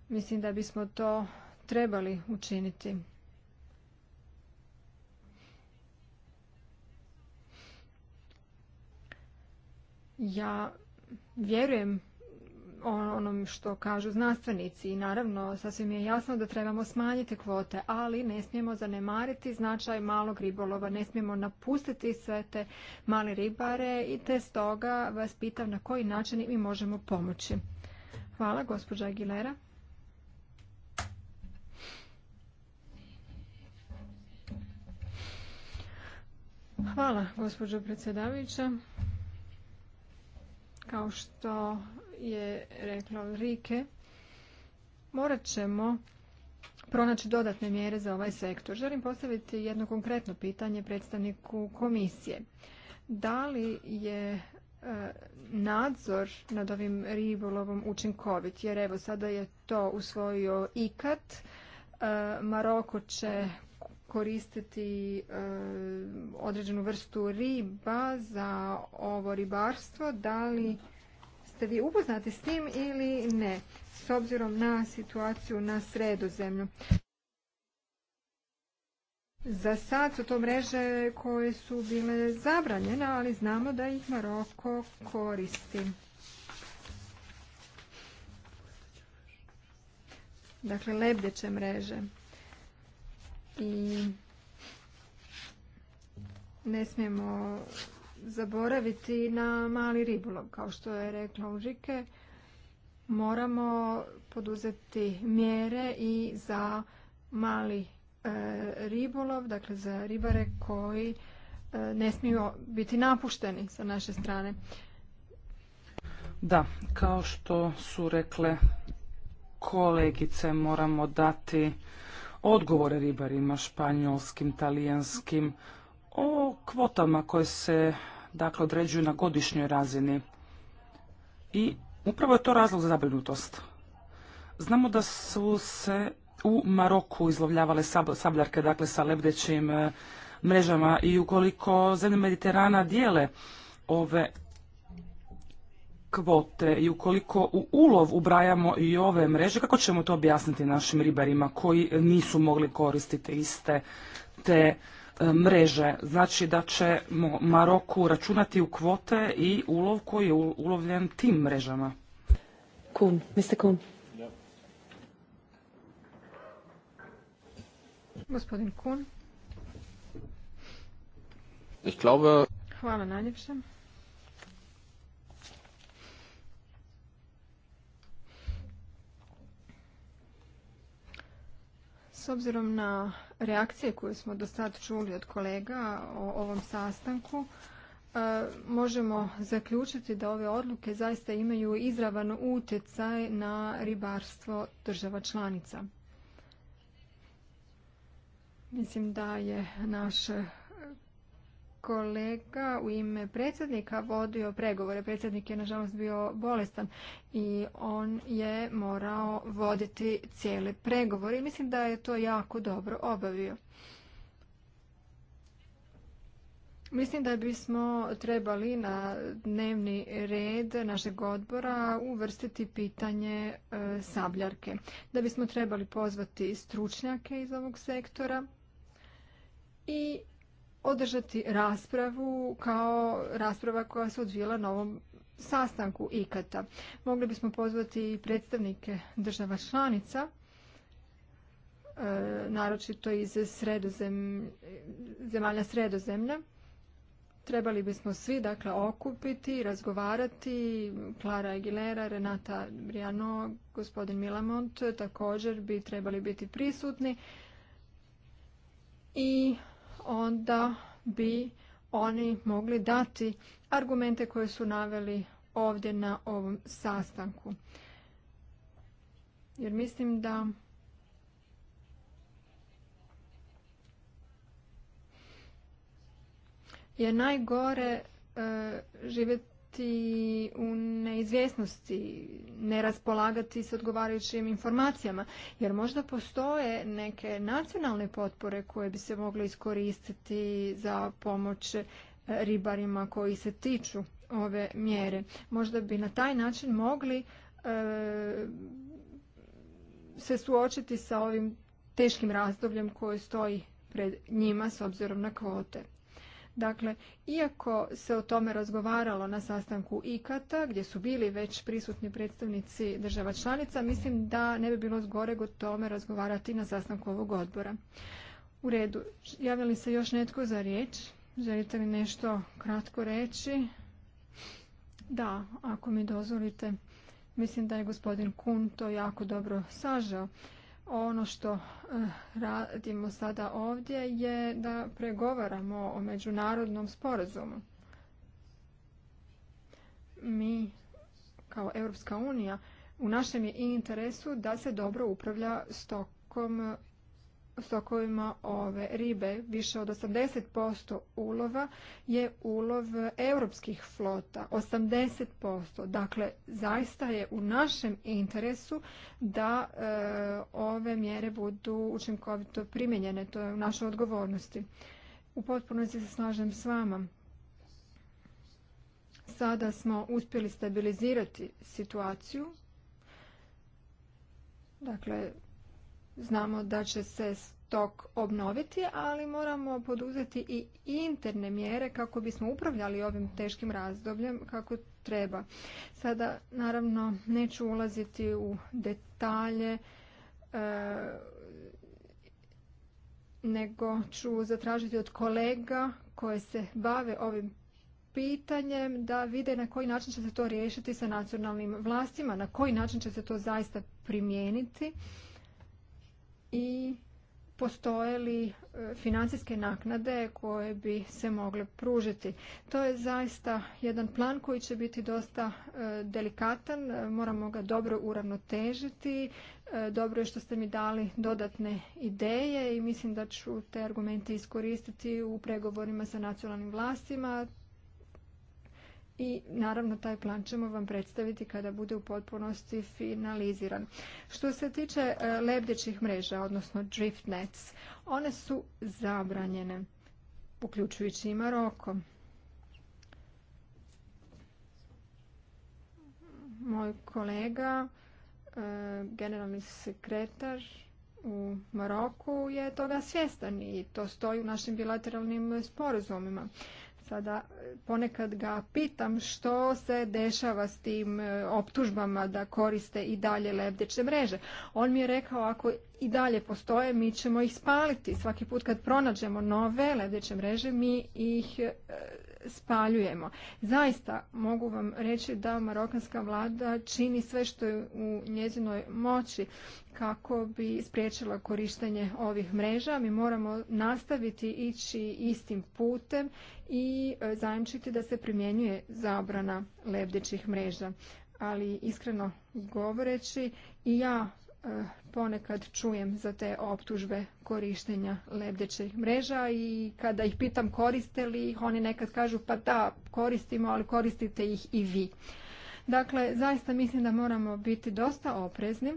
Speaker 1: Mislim da bismo to trebali učiniti. Ja vjerujem onom što kažu znanstvenici i naravno sasvim je jasno da trebamo smanjiti kvote, ali ne smijemo zanemariti značaj malog ribolova, ne smijemo napustiti sve te male ribare i te stoga vas pitam na koji način mi možemo pomoći. Hvala, gospođa Aguilera. Hvala, gospođo predsjedavajuća. Kao što je reklo Rike, morat ćemo pronaći dodatne mjere za ovaj sektor. Želim postaviti jedno konkretno pitanje predstavniku komisije. Da li je e, nadzor nad ovim ribolovom učinkovit? Jer evo sada je to usvojio IKAT. E, Maroko će koristiti e, određenu vrstu riba za ovo ribarstvo. Da li ste vi upoznati s tim ili ne, s obzirom na situaciju na zemlju. Za sad su to mreže koje su bile zabranjene, ali znamo da ih Maroko koristi. Dakle, lebdeće mreže. I ne smijemo zaboraviti na mali ribolov. Kao što je rekla Užike, moramo poduzeti mjere i za mali e, ribolov, dakle za ribare koji e, ne smiju biti napušteni sa naše strane.
Speaker 2: Da, kao što su rekle kolegice, moramo dati odgovore ribarima španjolskim, talijanskim, o kvotama koje se dakle određuju na godišnjoj razini. I upravo je to razlog za zabrinutost. Znamo da su se u Maroku izlovljavale sabljarke dakle sa lebdećim e, mrežama i ukoliko zemlje Mediterana dijele ove kvote i ukoliko u ulov ubrajamo i ove mreže, kako ćemo to objasniti našim ribarima koji nisu mogli koristiti iste te E, mreže. Znači da će Maroku računati u kvote i ulov koji je ulovljen tim mrežama. Kun, Mr. Kun.
Speaker 1: Gospodin Kun.
Speaker 3: Ich glaube...
Speaker 1: Hvala najljepšem. S obzirom na reakcije koje smo do sad čuli od kolega o ovom sastanku e, možemo zaključiti da ove odluke zaista imaju izravan utjecaj na ribarstvo država članica. Mislim da je naš kolega u ime predsjednika vodio pregovore. Predsjednik je nažalost bio bolestan i on je morao voditi cijele pregovore i mislim da je to jako dobro obavio. Mislim da bismo trebali na dnevni red našeg odbora uvrstiti pitanje e, sabljarke. Da bismo trebali pozvati stručnjake iz ovog sektora i održati raspravu kao rasprava koja se odvijela na ovom sastanku ikata. Mogli bismo pozvati i predstavnike država članica, e, naročito iz sredozem, zemalja sredozemlja. Trebali bismo svi dakle okupiti, razgovarati, Klara Aguilera, Renata Briano, gospodin Milamont također bi trebali biti prisutni i onda bi oni mogli dati argumente koje su naveli ovdje na ovom sastanku. Jer mislim da je najgore e, živjeti i u neizvjesnosti, ne raspolagati s odgovarajućim informacijama, jer možda postoje neke nacionalne potpore koje bi se mogle iskoristiti za pomoć eh, ribarima koji se tiču ove mjere. Možda bi na taj način mogli eh, se suočiti sa ovim teškim razdobljem koje stoji pred njima s obzirom na kvote. Dakle, iako se o tome razgovaralo na sastanku IKATA, gdje su bili već prisutni predstavnici država članica, mislim da ne bi bilo zgoreg o tome razgovarati na sastanku ovog odbora. U redu, Javili se još netko za riječ? Želite li nešto kratko reći? Da, ako mi dozvolite. Mislim da je gospodin Kun to jako dobro sažao. Ono što eh, radimo sada ovdje je da pregovaramo o međunarodnom sporazumu. Mi kao Europska unija u našem je interesu da se dobro upravlja stokom sokovima ove ribe. Više od 80% ulova je ulov europskih flota. 80%. Dakle, zaista je u našem interesu da e, ove mjere budu učinkovito primjenjene. To je u našoj odgovornosti. U potpunosti se slažem s vama. Sada smo uspjeli stabilizirati situaciju. Dakle, Znamo da će se stok obnoviti, ali moramo poduzeti i interne mjere kako bismo upravljali ovim teškim razdobljem kako treba. Sada naravno neću ulaziti u detalje e, nego ću zatražiti od kolega koje se bave ovim pitanjem da vide na koji način će se to riješiti sa nacionalnim vlastima, na koji način će se to zaista primijeniti i postoje li e, financijske naknade koje bi se mogle pružiti. To je zaista jedan plan koji će biti dosta e, delikatan, moramo ga dobro uravnotežiti. E, dobro je što ste mi dali dodatne ideje i mislim da ću te argumente iskoristiti u pregovorima sa nacionalnim vlastima i naravno taj plan ćemo vam predstaviti kada bude u potpunosti finaliziran. Što se tiče e, lebdećih mreža, odnosno drift nets, one su zabranjene, uključujući i Maroko. Moj kolega, e, generalni sekretar u Maroku je toga svjestan i to stoji u našim bilateralnim sporazumima. Sada e, ponekad ga pitam što se dešava s tim e, optužbama da koriste i dalje lebdeće mreže. On mi je rekao ako i dalje postoje mi ćemo ih spaliti. Svaki put kad pronađemo nove lebdeće mreže mi ih e, spaljujemo. Zaista mogu vam reći da marokanska vlada čini sve što je u njezinoj moći kako bi spriječila korištenje ovih mreža. Mi moramo nastaviti ići istim putem i e, zajamčiti da se primjenjuje zabrana lebdećih mreža. Ali iskreno govoreći i ja E, ponekad čujem za te optužbe korištenja lebdećih mreža i kada ih pitam koriste li ih, oni nekad kažu pa da, koristimo, ali koristite ih i vi. Dakle, zaista mislim da moramo biti dosta oprezni.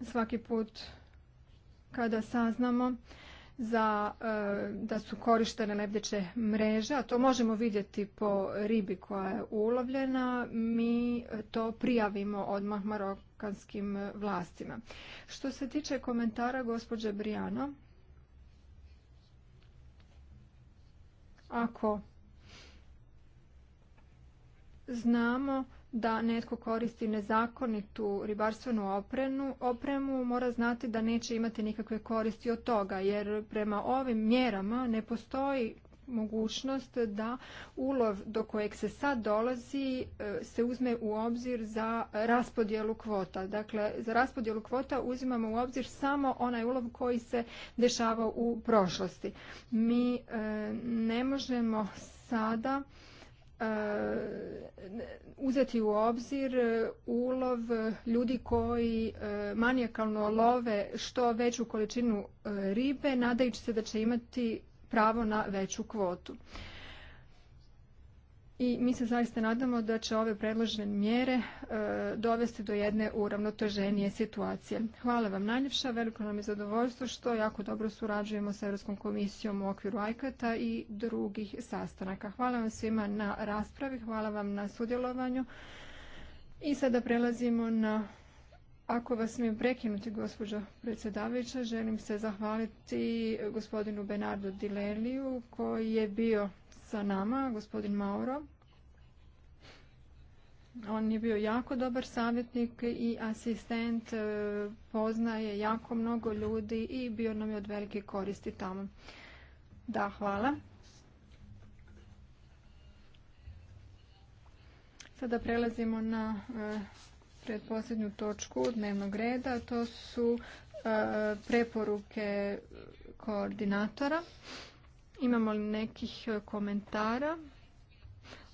Speaker 1: Svaki put kada saznamo za, e, da su korištene lebdeće mreže, a to možemo vidjeti po ribi koja je ulovljena, mi to prijavimo odmah Marok, kanskim e, vlastima. Što se tiče komentara gospođe Brijana, ako znamo da netko koristi nezakonitu ribarstvenu opremu mora znati da neće imati nikakve koristi od toga jer prema ovim mjerama ne postoji mogućnost da ulov do kojeg se sad dolazi e, se uzme u obzir za raspodjelu kvota. Dakle, za raspodjelu kvota uzimamo u obzir samo onaj ulov koji se dešava u prošlosti. Mi e, ne možemo sada e, uzeti u obzir ulov ljudi koji manijakalno love što veću količinu ribe nadajući se da će imati pravo na veću kvotu. I mi se zaista nadamo da će ove predložene mjere e, dovesti do jedne uravnoteženije situacije. Hvala vam najljepša, veliko nam je zadovoljstvo što jako dobro surađujemo sa Europskom komisijom u okviru Ajkata i drugih sastanaka. Hvala vam svima na raspravi, hvala vam na sudjelovanju. I sada prelazimo na ako vas smijem prekinuti, gospođo predsjedavajuća, želim se zahvaliti gospodinu Bernardo Dileliju koji je bio sa nama, gospodin Mauro. On je bio jako dobar savjetnik i asistent, e, poznaje jako mnogo ljudi i bio nam je od velike koristi tamo. Da, hvala. Sada prelazimo na e, pred posljednju točku dnevnog reda. To su e, preporuke koordinatora. Imamo li nekih komentara?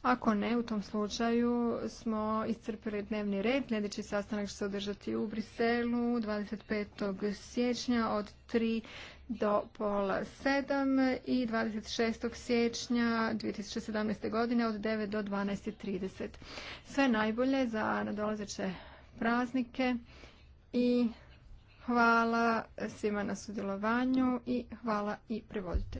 Speaker 1: Ako ne, u tom slučaju smo iscrpili dnevni red. Sljedeći sastanak će se održati u Briselu 25. siječnja od 3 do pola sedam i 26. siječnja 2017. godine od 9 do 12.30. Sve najbolje za nadolazeće praznike i hvala svima na sudjelovanju i hvala i prevoditelju.